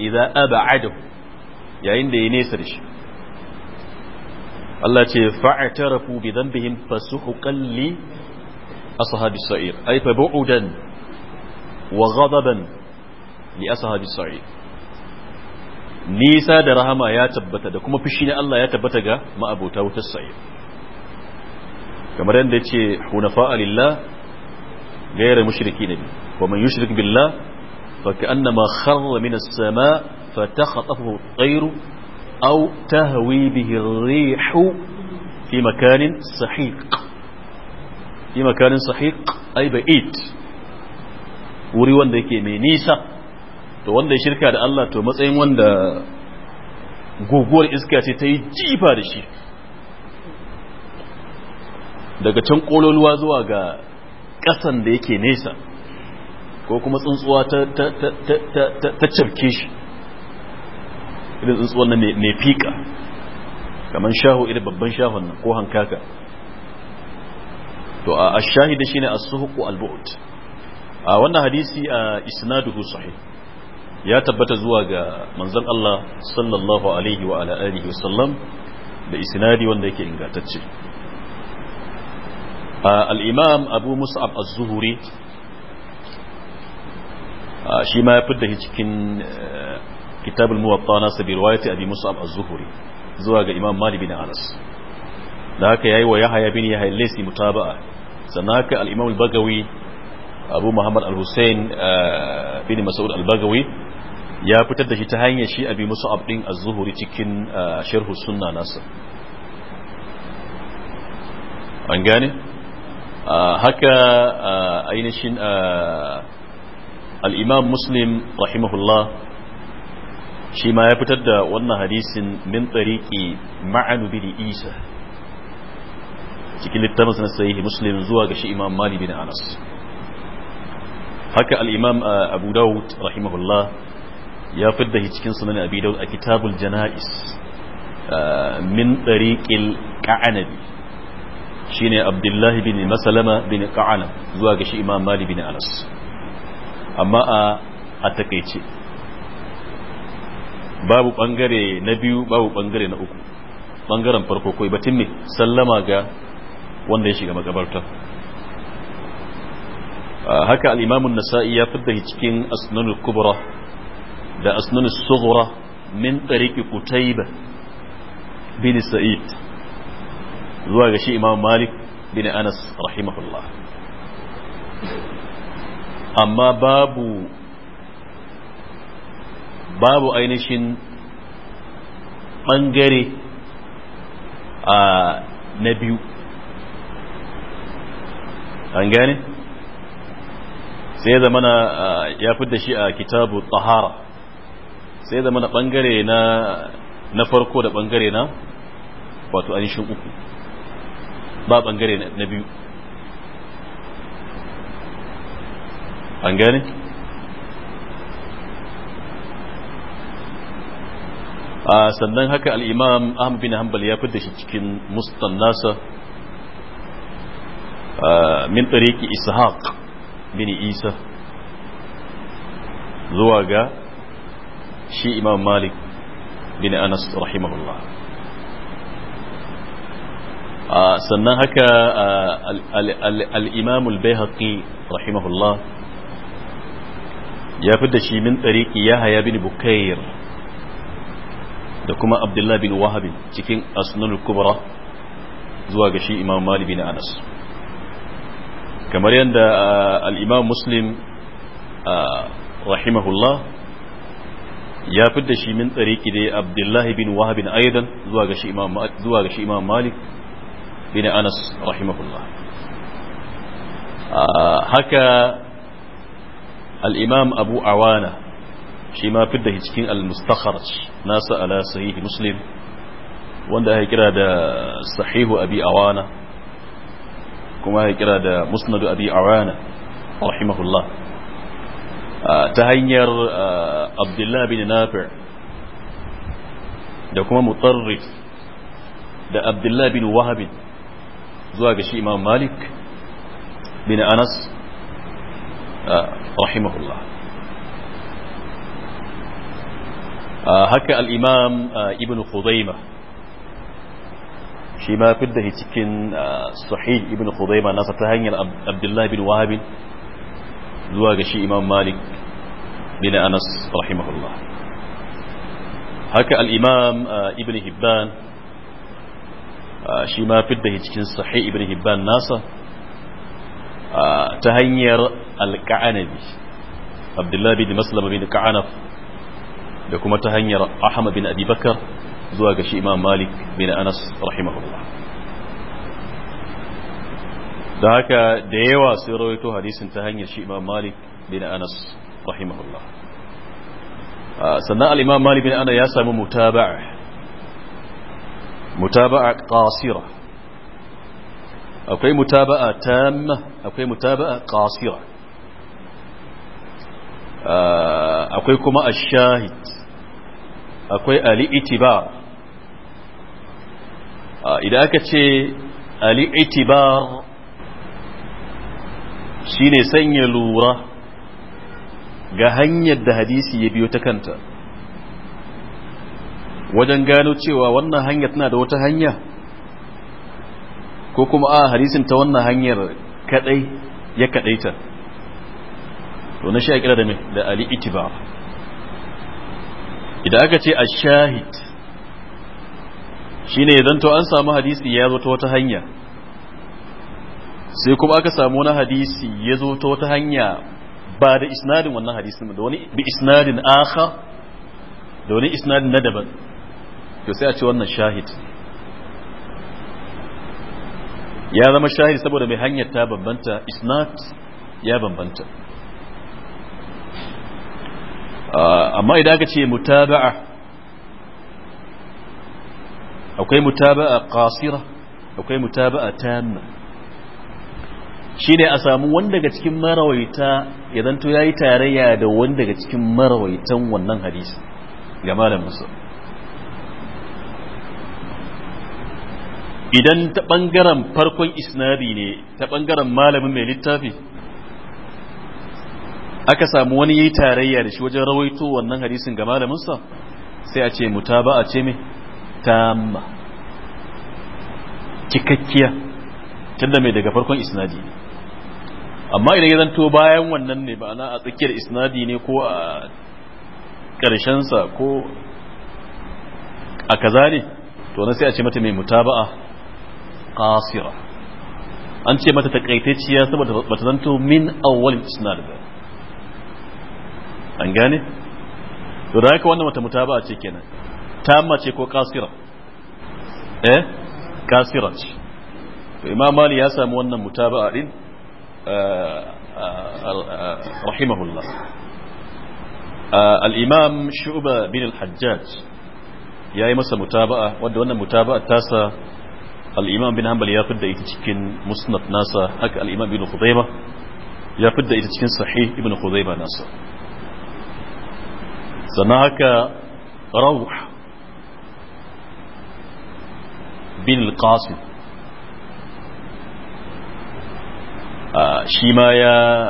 idan ab'adahu yayin da ya nesa da shi Allah ce fa'atarafu bi dhanbihim fasuhqan li أصحاب السعير أي فبعدا وغضبا لأصحاب السعير نيسا درهما يا تبتا كما بشين الله يا تبتا ما أبو تاو السعير كما رأينا حنفاء لله غير مشركين بي. ومن يشرك بالله فكأنما خر من السماء فتخطفه الطير أو تهوي به الريح في مكان سحيق fi makanin sahiq ai it wuri wanda yake mai nisa to wanda ya shirka da Allah to matsayin wanda guguwar iska ce ta yi jifa da shi daga can kololuwa zuwa ga ƙasan da yake nesa ko kuma tsuntsuwa ta cafke shi irin tsuntsuwan nan mai fika kamar shaho irin babban shahon nan ko hankaka to a shahida shine as-suhuq al-bu'd a wannan hadisi a isnaduhu sahih ya tabbata zuwa ga manzon Allah sallallahu alaihi wa ala alihi wasallam da isnadi wanda yake ingantacce al-imam Abu Mus'ab az-Zuhri shi ma ya fidda shi cikin eh, kitab al-muwatta na sabi riwayati Abi Mus'ab az-Zuhri zuwa ga Imam Malik bin Anas da haka yayi wa Yahya bin Yahya laysi mutaba'a sannan haka al al-bagawi abu muhammad al-hussein bin mas'ud al-bagawi ya fitar da shi ta hanyar shi abi musu abdin az-zuhuri cikin sharhu sunna nasa an gane haka ainihin al-imam muslim rahimahullah shi ma ya fitar da wannan hadisin min tsariki ma'anu bin isa cikin littafin na sahihi muslim zuwa ga shi imam mali bin anas haka al-imam uh, abu daud rahimahullah ya fidda shi cikin sunan abi daud a kitabul jana'is uh, min tariqil qa'anabi shine abdullahi bin masalama bin qa'anab zuwa ga shi imam mali bin anas amma uh, a a takeice babu bangare na biyu babu bangare na uku bangaren farko kai batun ne sallama ga wanda ya shiga makabarta haka al nasai ya fidda cikin asnan kubra da asnan as-sughra min ɗariki kutaiba bin sa'id zuwa ga shi imam malik bin anas rahimahullah amma babu babu ainihin bangare a na biyu an gane sai ya zamana ya fidda shi a kitabu tsahara sai ya na bangare na na farko da bangare na wato ainihin uku ba bangare na biyu an gane sannan haka al'imam ahmad bin hanbal ya fidda shi cikin mustan nasa min tariki ishaq bin isa zuwa ga shi imam malik bin anas rahimahullah sannan haka al-imam al-bayhaqi rahimahullah ya fi da shi min ya haya bin bukair da kuma abdullahi bin wahabin cikin asnul kubra zuwa ga shi imam malik bin anas kamar yadda uh, al'imam muslim uh, rahimahullah ya fidda shi min tsari kide abdullahi bin wahabin aidan zuwa ga shi imam malik bin anas rahimahullah uh, haka al'imam abu awana shi ma fidda shi cikin al mustakhar nasa ala sahihi muslim wanda ya kira da sahihu abi awana kuma ya kira da musnadu abi awana rahimahullah ta hanyar abdullah bin nafi' da kuma mutarrif da abdullah bin wahab zuwa ga shi imam malik bin anas rahimahullah haka al-imam ibn khudaimah shi ma fidda shi cikin ah, sahih ibn khudaima nasa ta hanyar abdullahi bin wahabin zuwa ga shi imam malik bin anas rahimahullah haka al-imam ah, ibn hibban ah, shi ma fidda shi cikin sahih ibn hibban nasa ta hanyar al-ka'anabi abdullahi bin maslama bin ka'anaf da kuma ta hanyar ahmad bin abubakar zuwa ga shi imam malik bin anas rahimahullah da haka da yawa sun rawaito hadisin ta hanyar shi imam malik bin anas rahimahullah sannan al-imam malik bin anas ya samu mutaba'a mutaba'a qasira akwai mutaba'a tamma akwai mutaba'a qasira akwai kuma ash-shahid akwai al'itibar idan aka ce al'itibar shi ne sanya lura ga hanyar da hadisi ya biyo ta kanta wajen gano cewa wannan hanyar tana da wata hanya ko kuma a hadisin ta wannan hanyar kadai ya kadaita to na shi a kira da ali itibar idan aka ce ashahid shine idan to an samu hadisi ya zo ta wata hanya sai kuma aka samu wani hadisi ya zo ta wata hanya ba da isnadin wannan hadisin da wani bi isnadin akha da wani isnadin na daban to sai a ce wannan shahid ya zama shahid saboda mai hanyar ta bambanta isnad ya bambanta Ah, amma idan aka ce mutaba'a akwai mutaba'a qasira akwai mutaba'a tamma shine a samu wanda daga cikin marawaita ya zanto yayi tarayya da wanda daga cikin marawaitan wannan hadisi ga malam musa idan ta bangaren farkon isnadi ne ta bangaren malamin mai littafi aka samu wani yayi tarayya da shi wajen rawaito wannan hadisin ga malamin sa sai a ce a ce me tamma cikakkiya tunda mai daga farkon isnadi amma idan ya zanto bayan wannan ne ba a tsakiyar isnadi ne ko a karshen sa ko a kaza ne to na sai a ce mata mai mutaba'a qasira an ce mata takaitacciya saboda bata zanto min awwal isnad ba an gane to da haka wannan wata mutaba ce kenan tamma ce ko kasira eh kasira ce imam mali ya samu wannan mutaba din eh, eh, eh, rahimahullah al-imam shu'ba bin al-hajjaj yi masa mutaba'a wadda wannan mutaba'a tasa al-imam bin hanbal ya fidda ita cikin musnad nasa haka al-imam bin khudaimah ya fidda ita cikin sahih ibn khudaimah nasa هناك روح بالقاصد آه، شيما يا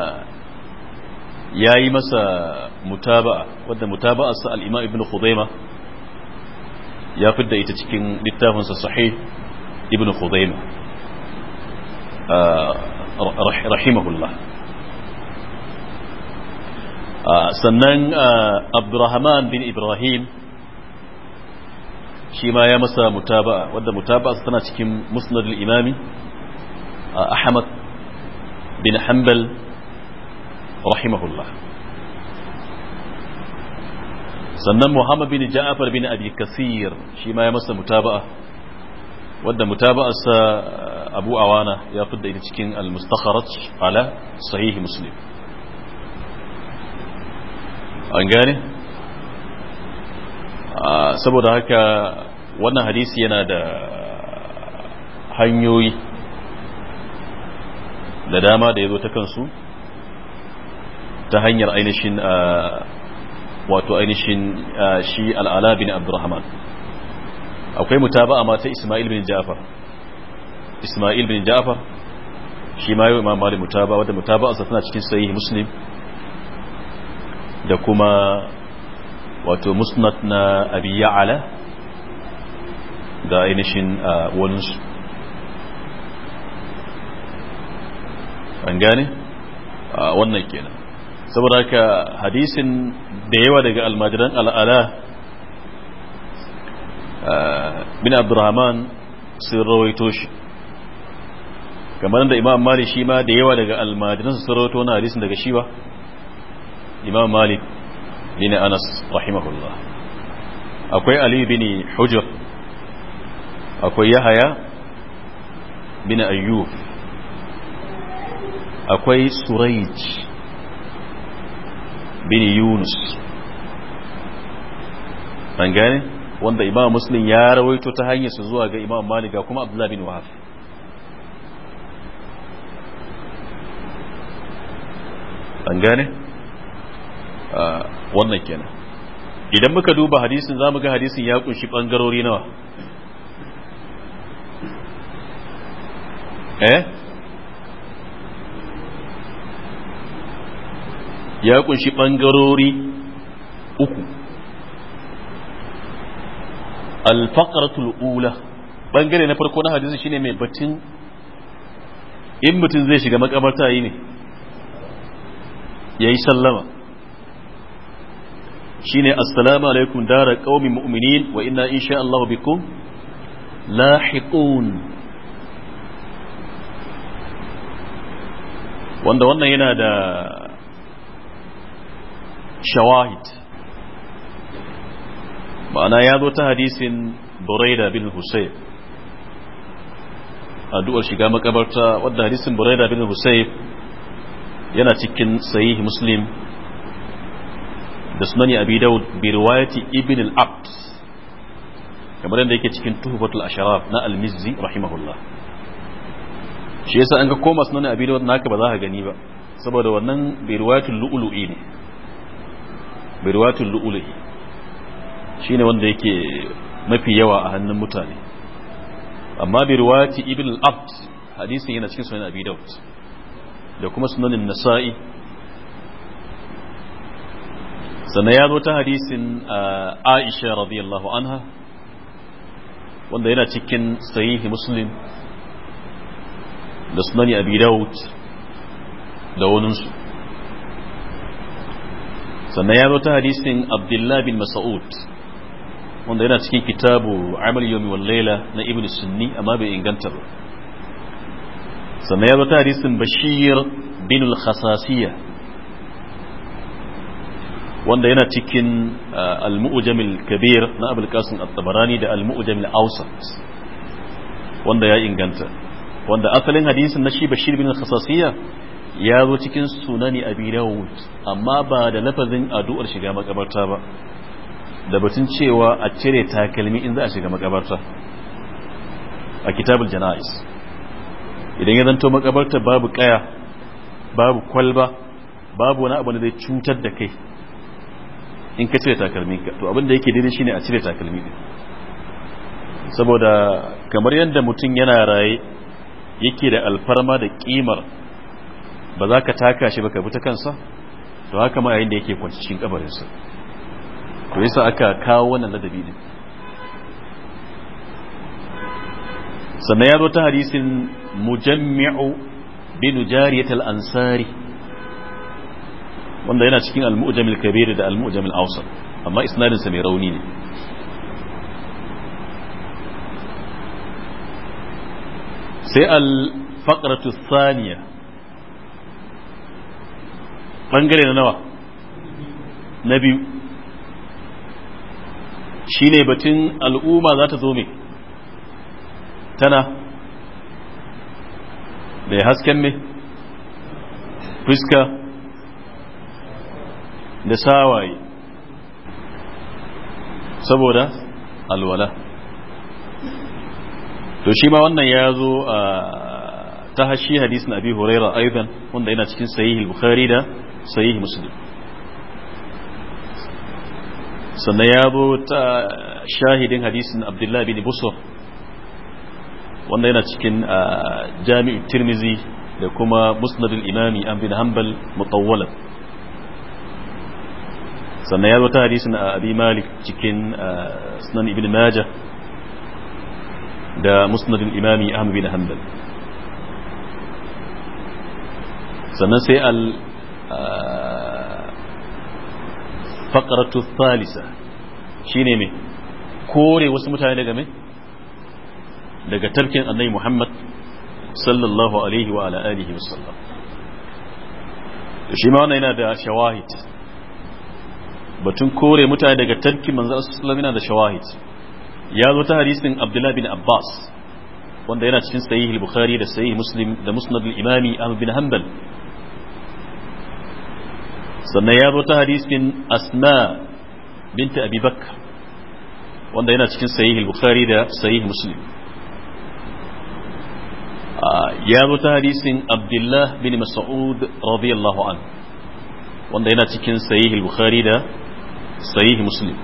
يا يمسا متابعة ودى متابعة سأل إمام ابن خضيمة يا فدى إتتكين للتافن صحيح ابن خضيمة آه، رحمه الله sannan abdurrahman bin ibrahim shi ma ya masa mutaba'a wadda mutaba'a tana cikin musnad al-imami ahmad bin hanbal rahimahullah sannan muhammad bin ja'far bin abi kasir shi ma ya masa mutaba'a wadda mutaba'arsa abu awana ya fidda ita cikin al-mustakharaj ala sahih muslim an gane ah, saboda haka wannan hadisi yana da hanyoyi da dama da ya zo ta kansu ta hanyar ainihin ah, wato ainihin ah, shi al'ala bin abdurrahman akwai mutaba amma ta ismail bin jafar ismail bin jafar shi ma yau imam malik mutaba wadda mutaba asa tana cikin sahihi muslim da kuma wato musnad na abi ya'ala da ainihin waninsu an gane wannan kenan saboda haka hadisin da yawa daga almajiran al'ala bin abdurrahman sun rawaito shi kamar da imam mali shi ma da yawa daga almajiran sun rawaito na hadisin daga shi ba imam malik bin anas rahimahullah akwai ali bin hujr akwai yahaya bin ayyub akwai suraij bin yunus an gane wanda imam muslim ya rawaito ta hanyar su zuwa ga imam malik ga kuma abdullah bin wahab an gane Ah, wannan kenan idan muka duba hadisin za mu ga hadisin ya kunshi bangarori nawa eh ya kunshi bangarori uku alfaqaratul ula bangare na farko na hadisi shine mai batun in mutum zai shiga makamarta yi ne ya yi sallama shine assalamu alaikum dara qaumin mu'minin wa inna insha Allah bikum lahiqun wanda wannan yana da shawahid ma'ana ya zo ta hadisin buraida bin husayb addu'ar shiga makabarta wadda hadisin buraida bin husayb yana cikin sahih muslim da sunani abi daud bi riwayati ibn al-abd kamar yadda yake cikin tuhfatul asharaf na al-mizzi rahimahullah shi yasa an ga koma sunani abi daud naka ba za ka gani ba saboda wannan bi riwayatul lu'lu'i ne bi riwayatul lu'lu'i shine wanda yake mafi yawa a hannun mutane amma bi riwayati ibn al-abd hadisin yana cikin sunan abi daud da kuma sunanin nasa'i sannan ya zo ta hadisin uh, aisha radiyallahu anha wanda yana cikin sahihi muslim da sunani abi daud da waninsu sannan ya zo ta hadisin abdullahi bin mas'ud wanda yana cikin kitabu amal yomi na ibn sunni amma bai inganta ba sannan ya zo ta hadisin bashir bin al-khasasiyah wanda yana cikin uh, al-mu'jamil kabir na abul qasim at-tabarani da al-mu'jamil awsat wanda ya inganta wanda asalin hadisin na shi bashir bin khasasiyya ya zo cikin sunani abi dawud amma ba da lafazin addu'ar shiga makabarta ba da batun cewa a cire takalmi in za a shiga makabarta a kitabul jana'is idan ya zanto makabarta babu kaya babu kwalba babu wani abu da zai cutar da kai in ka cire takalmi ka to abin da yake daidai shine a cire takalmi din saboda kamar yadda mutum yana raye yake da alfarma da kimar ba za ka taka shi ba ka bi ta kansa to haka ma yayin da yake kwanci cikin kabarinsa to yasa aka kawo wannan ladabi din sannan ya zo ta hadisin mujammi'u bin jariyat ansari wanda yana cikin al-mu'jamil kabir da al-mu'jamil awsat amma isnadin sa mai rauni ne sai al-faqratu thaniya bangare na nawa na biyu shine batun al'umma za ta zo me tana mai hasken me fuska da sawaye saboda alwala to shi ma wannan ya zo a ta hashi hadisin abi huraira aidan wanda yana cikin sahih bukhari da sahih muslim sannan ya zo ta shahidin hadisin abdullahi bin Buso wanda yana cikin jami'u tirmizi da kuma musnadul imami an bin hanbal mutawwalan sannan ya zo ta hadisin a uh, abi malik cikin uh, sunan ibn majah da musnadin imami ahmad bin hanbal sannan sai al uh, faqratu thalisa shine me kore wasu mutane daga me daga tarkin annabi muhammad sallallahu alaihi wa ala alihi wasallam shi ma wannan yana da shawahid batun kore mutane daga tarki manzo sallallahu yana da shawahid ya zo ta hadisin Abdullahi bin abbas wanda yana cikin sahih al-bukhari da sahih muslim da musnad al-imami ahmad bin hanbal sannan ya zo ta hadisin asma binta abi bakr wanda yana cikin sahih al-bukhari da sahih muslim ah, ya zo ta hadisin Abdullahi bin mas'ud radiyallahu anhu wanda yana cikin sahih al-bukhari da sahihi muslim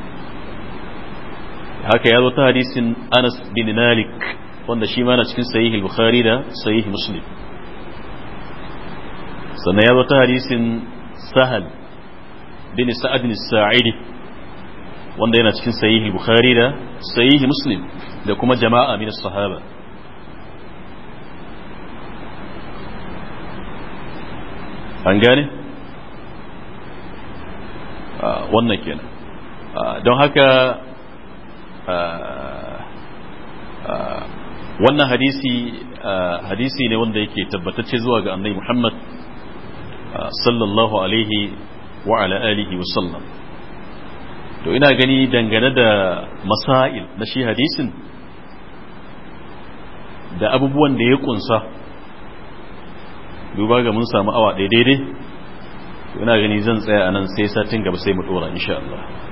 haka ya zo ta hadisin anas bin malik wanda shi ma na cikin sahihi bukhari da sahihi muslim sannan ya zo ta hadisin sahal bin sa'ad bin sa'idi wanda yana cikin sahihi bukhari da sahihi muslim da kuma jama'a min sahaba an gane ah, wannan kenan Ah, don haka ah, ah, wannan hadisi hadisi ne wanda yake tabbatacce zuwa ga annabi Muhammad sallallahu alaihi wa ala alihi wa sallam to ina gani dangane da masail na shi hadisin da abubuwan da ya kunsa duba ga mun samu awa daidai ina gani zan tsaya anan sai satin gaba sai mu dora insha Allah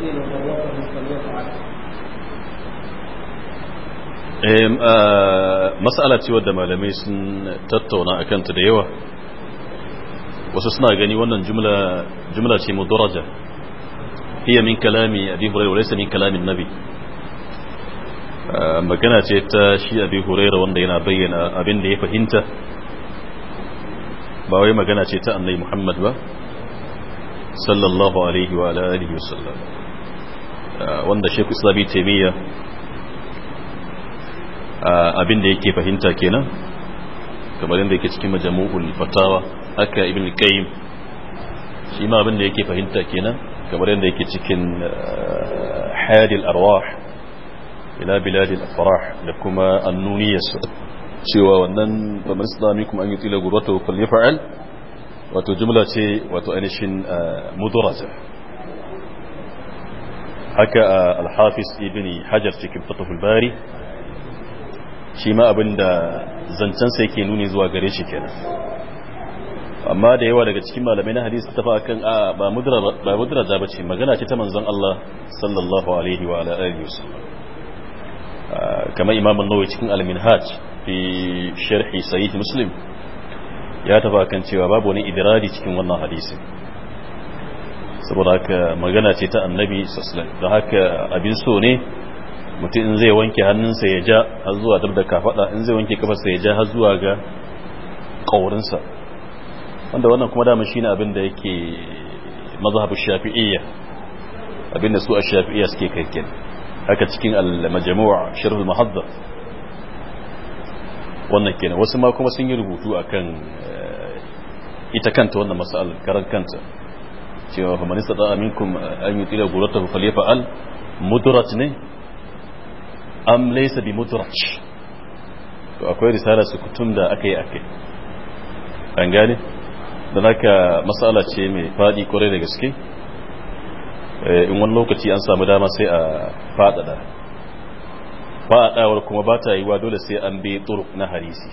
قيل فرقه فليفعل matsala ce wadda malamai sun tattauna a kanta da yawa wasu suna gani wannan jumla ce mudaraja iya min kalami abi hurairu laysa min kalamin nabi magana ce ta shi abi hurairu wanda yana bayyana abin da ya fahimta ba wai magana ce ta annabi muhammad ba sallallahu alaihi wa alihi wasallam wanda sheku islami taimiyya abin da yake fahimta kenan kamar yadda yake cikin majamu'ul fatawa aka ibn qayyim shi ma abin da yake fahimta kenan kamar yadda yake cikin hadil arwah ila biladil afrah da kuma annuniyarsa cewa wannan wa islami kuma an yi tila gurbata kulli fa'al wato jumla ce wato ainihin mudaraja haka alhafiz ibini hajar cikin fatahul bari shi ma abin da zancensa yake nuni zuwa gare shi kenan amma da yawa daga cikin malamai na hadisi ta akan a ba mudraja ba ce magana ce ta manzon Allah sallallahu alaihi wa alihi wasallam kamar imam an cikin almin minhaj fi sharhi sahih muslim ya tafa akan cewa babu wani idiradi cikin wannan hadisi saboda haka magana ce ta annabi sassalai da haka abin so ne mutum in zai wanke hannunsa ya ja har zuwa dab da kafaɗa in zai wanke kafarsa ya ja har zuwa ga ƙaurinsa wanda wannan kuma dama shi ne abin da yake mazhabu shafi'iyya abin da su a shafi'iyya suke kai haka cikin al-majmu' sharh al-muhaddab wannan kenan wasu ma kuma sun yi rubutu akan eh, ita kanta wannan mas'alar karan kanta cewa fa manista da aminkum an yutila guratahu al mudrat ne am laysa bi mudrat to akwai risala kutum da akai akai an gane dan haka masala ce mai fadi kore da gaske eh, in wani lokaci an samu dama sai a fadada fadadawar kuma ba ta yiwa dole sai an bi turuk na harisi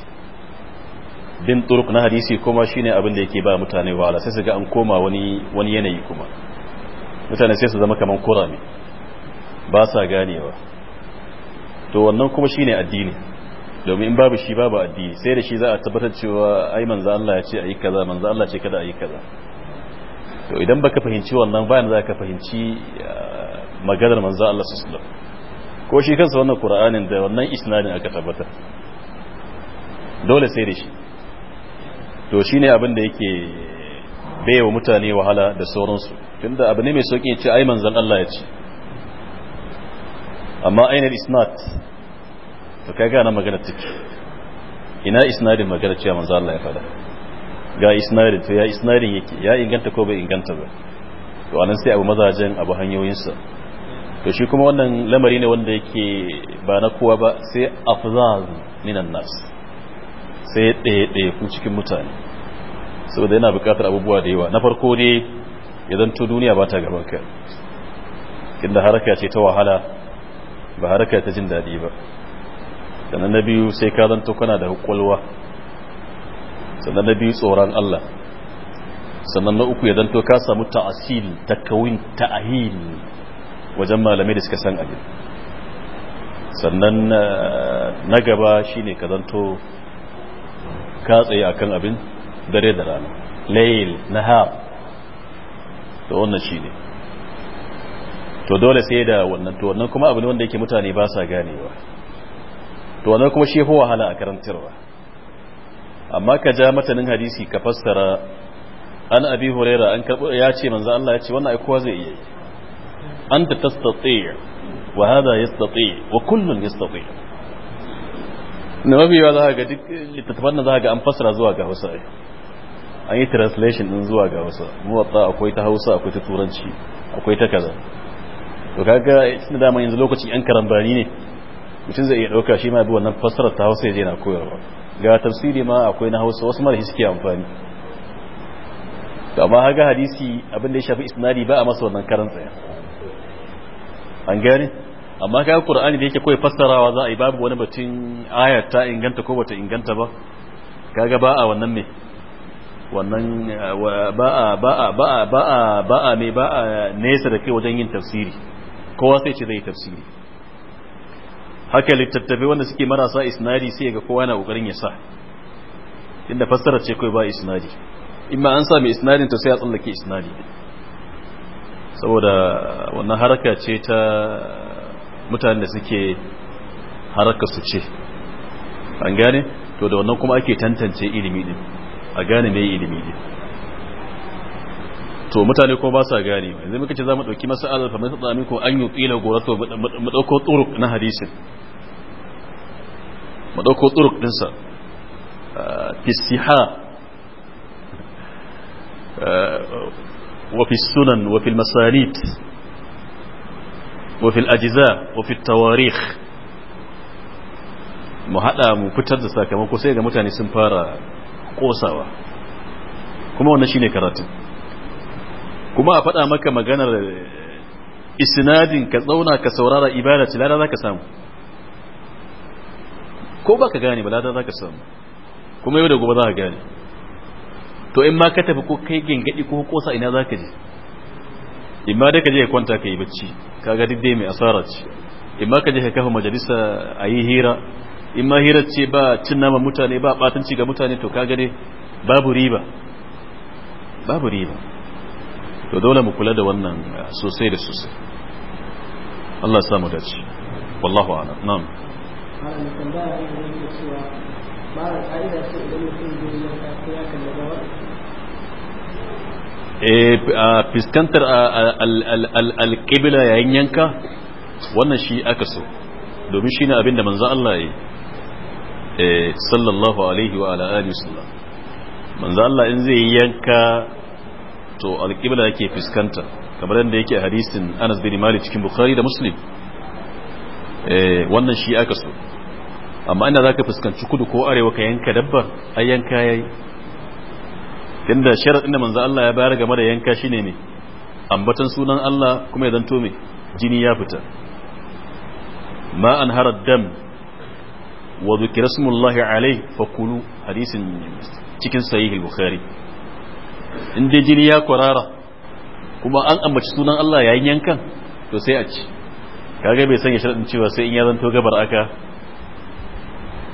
bin turuk na hadisi kuma shine abin da yake ba mutane wala sai su ga an koma wani wani yanayi kuma mutane sai su zama kaman kurami ba sa ganewa to wannan kuma shine addini domin in babu shi babu addini sai da shi za a tabbatar cewa ai manzo Allah ya ce ayi kaza manzo Allah ce kada ayi kaza to idan baka fahimci wannan bayan za ka fahimci ah, maganar manzo Allah sallallahu alaihi wasallam ko shi kansa wannan Qur'anin da wannan isnadin aka tabbatar dole sai da shi to shi abin da yake baiwa mutane wahala da sauransu tunda abu ne mai sauki ya ce ai manzan Allah ya ce amma ainihin isnat to kai gana magana take ina isnadin magana cewa manzan Allah ya fada ga isnadin to ya isnadin yake ya inganta ko bai inganta ba to anan sai abu mazajen abu hanyoyinsa to shi kuma wannan lamari ne wanda yake ba na kowa ba sai afzal minan nas sai ɗaya ku cikin mutane saboda yana bukatar abubuwa da yawa na farko ne ya zanto duniya ba ta gaban ka inda haraka ce ta wahala ba haraka ta jin daɗi ba sannan na biyu sai ka zanto kana da hukwalwa sannan na biyu tsoron Allah sannan na uku ya zanto ka samu ta'asil kawin ta'ahil wajen malamai da suka san abin sannan eh, na gaba shine ka zanto ka tsaye akan abin dare da rana layil nahar to wannan shine to dole sai da wannan to wannan kuma abin wanda yake mutane ba sa ganewa to wannan kuma shi fa wahala a karantarwa amma ka ja matanin hadisi ka fassara an abi hurera an karbo ya ce manzo Allah ya ce wannan ai kowa zai iya anta tastati wa hada yastati wa kullun yastati na mabiyawa za ga duk littattafan nan za ga an fassara zuwa ga hausa an yi translation din zuwa ga hausa muwatsa akwai ta hausa akwai ta turanci akwai ta kaza to kaga tun dama yanzu lokacin yan karambani ne mutum zai iya dauka shi ma bi wannan fassarar ta hausa ya je na koyarwa ga tafsiri ma akwai na hausa wasu mara suke amfani to amma haga hadisi abin da ya shafi isnadi ba a masa wannan karan tsaya an gane amma kai qur'ani da yake koyi fassarawa za a yi babu wani batun ayat ta inganta ko bata inganta ba kaga ba a wannan ne wannan ba a ba a ba a ba a ba a ne ba a nesa da kai wajen yin tafsiri kowa sai ce zai tafsiri haka littattafai wanda suke marasa isnadi sai ga kowa yana kokarin ya sa inda fassara ce kai ba isnadi in ma an mai isnadin to sai a tsallake isnadi saboda wannan haraka ce ta Mutane da suke harkar su ce an gane to da wannan kuma ake tantance ilimi din a gane me ilimi din to mutane ko ba sa gane yanzu muka ce za mu ɗauki masa'alar fa mai tsami ko an yi tsila gora to mu ɗauko tsuruk na hadisin mu ɗauko tsuruk ɗinsa ah, fisiha ah, wa fi sunan wa fi masanit وفي الأجزاء وفي التواريخ mu hada mu fitar da sakamako sai ga mutane sun fara kosawa kuma wannan shine karatun kuma a fada maka maganar eh, isnadin ka tsauna ka saurara ibada lada za ka samu ko ba ka gane ba lada za ka samu kuma yau da gobe za ka gane to in ma ka tafi ko kai gengadi ko kosa ina za ka je imma dai ka je ka kwanta ka yi bacci kaga duk dai mai asara ce imma ka je ka kafa majalisa a yi hira imma hira ce ba cin nama mutane ba batanci ga mutane to ka kaga dai babu riba babu riba to dole mu kula da wannan eh, sosai da sosai Allah ya samu dace wallahu a'lam na'am ba da ka'ida ce idan mutum zai yanka sai ya kalli gawar Eh, fiskantar alƙibla yayin yanka wannan shi aka so domin shi ne abinda manzan Allah ya yi eh, sallallahu alaihi wa ala'adu sallam manzan Allah in zai yanka to alƙibla yake fiskanta kamar yadda yake hadisin anas bin mali cikin bukhari da muslim eh, wannan shi aka so amma ina za ka fuskanci kudu ko arewa ka yanka dabba a yanka ya yi tunda shirar da manzo Allah ya bayar game da yanka shine ne ambatan sunan Allah kuma ya zanto me jini ya fita ma an harad dam wa dhikra smullahi alayhi fakulu hadisin cikin sahih al-bukhari inda jini ya kwarara kuma an ambaci sunan Allah yayin yankan to sai a ci kaga bai sanya sharadin cewa sai in ya zanto gabar aka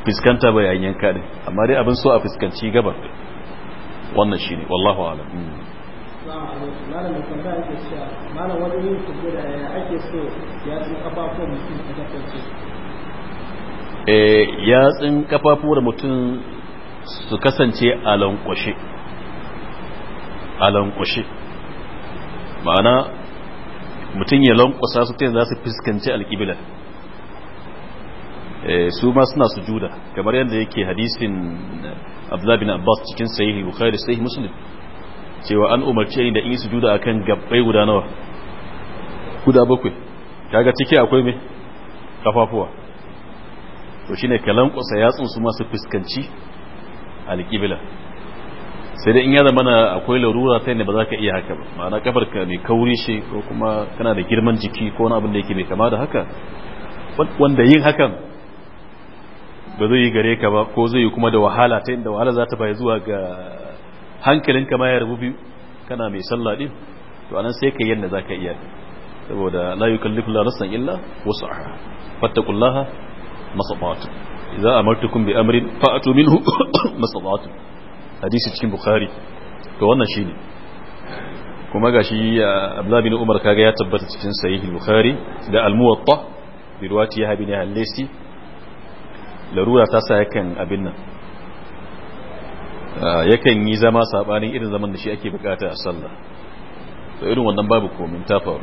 fiskanta ba yayin yanka din amma dai abin so a fuskanci gabar wannan shine wallahu a'lam da mm. tambaya cewa eh, ya ya tsin kafafu mutum kasance mutum su kasance a lankwashe a lankwashe ma'ana mutum ya lankwasa su ta za su fuskanci alƙiblar Eh, su ma suna sujuda kamar yadda yake hadisin Abdullah bin Abbas cikin sahihi Bukhari sahihi Muslim cewa an umarci ni da in sujuda akan gabbai guda nawa guda bakwai kaga ciki akwai me kafafuwa to shine kalan kusa yatsun su masu fuskanci alqibla sai dai in ya zama akwai larura ta ne ba za ka iya haka ba ma'ana kafar ka mai kauri shi ko kuma kana da girman jiki ko wani abin da yake mai kama da haka wanda yin hakan ba zai yi gare ka ba ko zai yi kuma da wahala ta inda wahala za ta bai zuwa ga hankalin ka ma ya rubu biyu kana mai sallah din to anan sai ka yanda zaka iya saboda la yukallifu la nafsan illa wus'aha fattaqullaha masata'tum idza amartukum bi amrin fa'tu minhu masata'tum hadisi cikin bukhari to wannan shine kuma gashi abdullah bin umar kaga ya tabbata cikin sahih bukhari da al-muwatta bi riwayati yahya bin al-lisi larura ta sa yakan abin nan ah, yakan yi zama sabanin irin zaman da shi ake bukata a sallah to irin wannan babu komin ta faru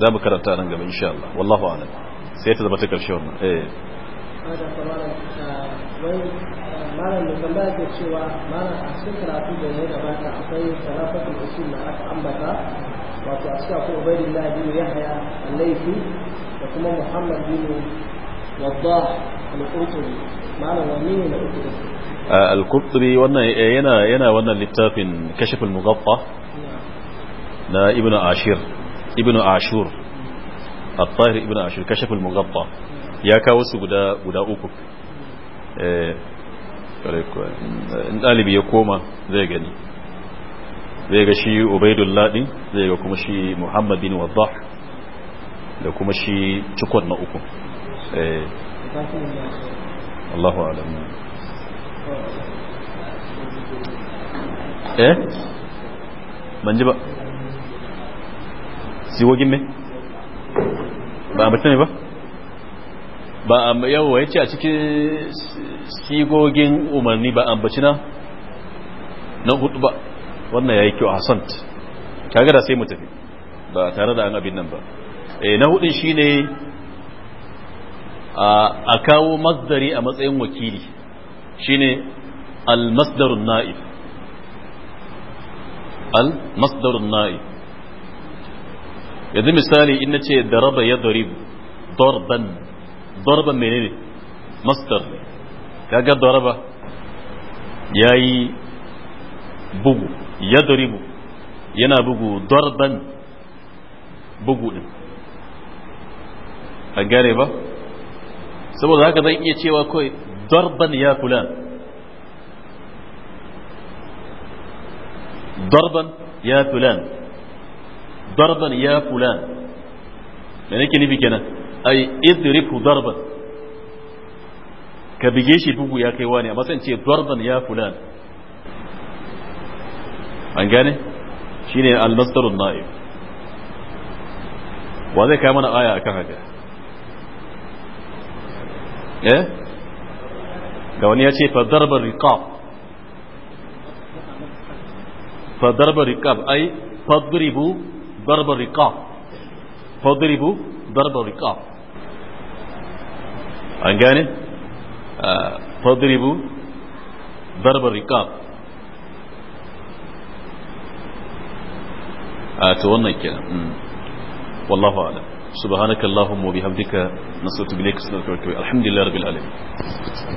za mu karanta nan gaba insha Allah wallahu a'lam sai ta zama ta karshe wannan eh malam da tambaya ke cewa malam a cikin karatu da ya gabata akwai salafatul usul da aka ambata wato a cikin akwai ubaidillah bin yahya al-laifi da kuma muhammad bin وضاح القرطبي معنى آه، وانا آه، ينا ينا وانا لتاف كشف المغطى نا ابن عاشر ابن عاشور الطاهر ابن عاشور كشف المغطى يا كاوس غدا غدا اوكو ايه ان طالبي يقوم زي غني زي غشي الله دين زي غكم شي محمد بن وضاح ده كما شي Allah eh. Allahu eh ban ji ba siwogin me ba abu ne ba ba yawo ya ce a cikin sigogin umarni ba ambaci na na hudu ba wannan ya yi kyau a sant kagada sai mu tafi ba tare da an abin nan ba eh, na hudun ne. a kawo masdari a matsayin wakili shine al-masdarun na'ib al-masdarun na'ib yanzu misali in ce da raba ya darib darban darban menene masdar kaga daraba yi bugu ya daribu yana bugu darban bugu din a gare ba saboda haka zan iya cewa kawai darban ya fulan darban ya fulan darban ya fulan da nake nufi kenan ai idriku darban ka bige shi bugu ya kai wani amma sai ce darban ya fulan an gane shine al-masdarun na'ib wa zai kai mana aya akan haka eh ga wani ya ce fa darbar riqab fa darbar riqab ai fadribu darbar riqab fadribu darbar riqab an gane ah, fadribu darbar riqab a ah, to wannan kenan hmm. wallahu a'lam سبحانك اللهم وبحمدك نصرت بليك سنة الحمد لله رب العالمين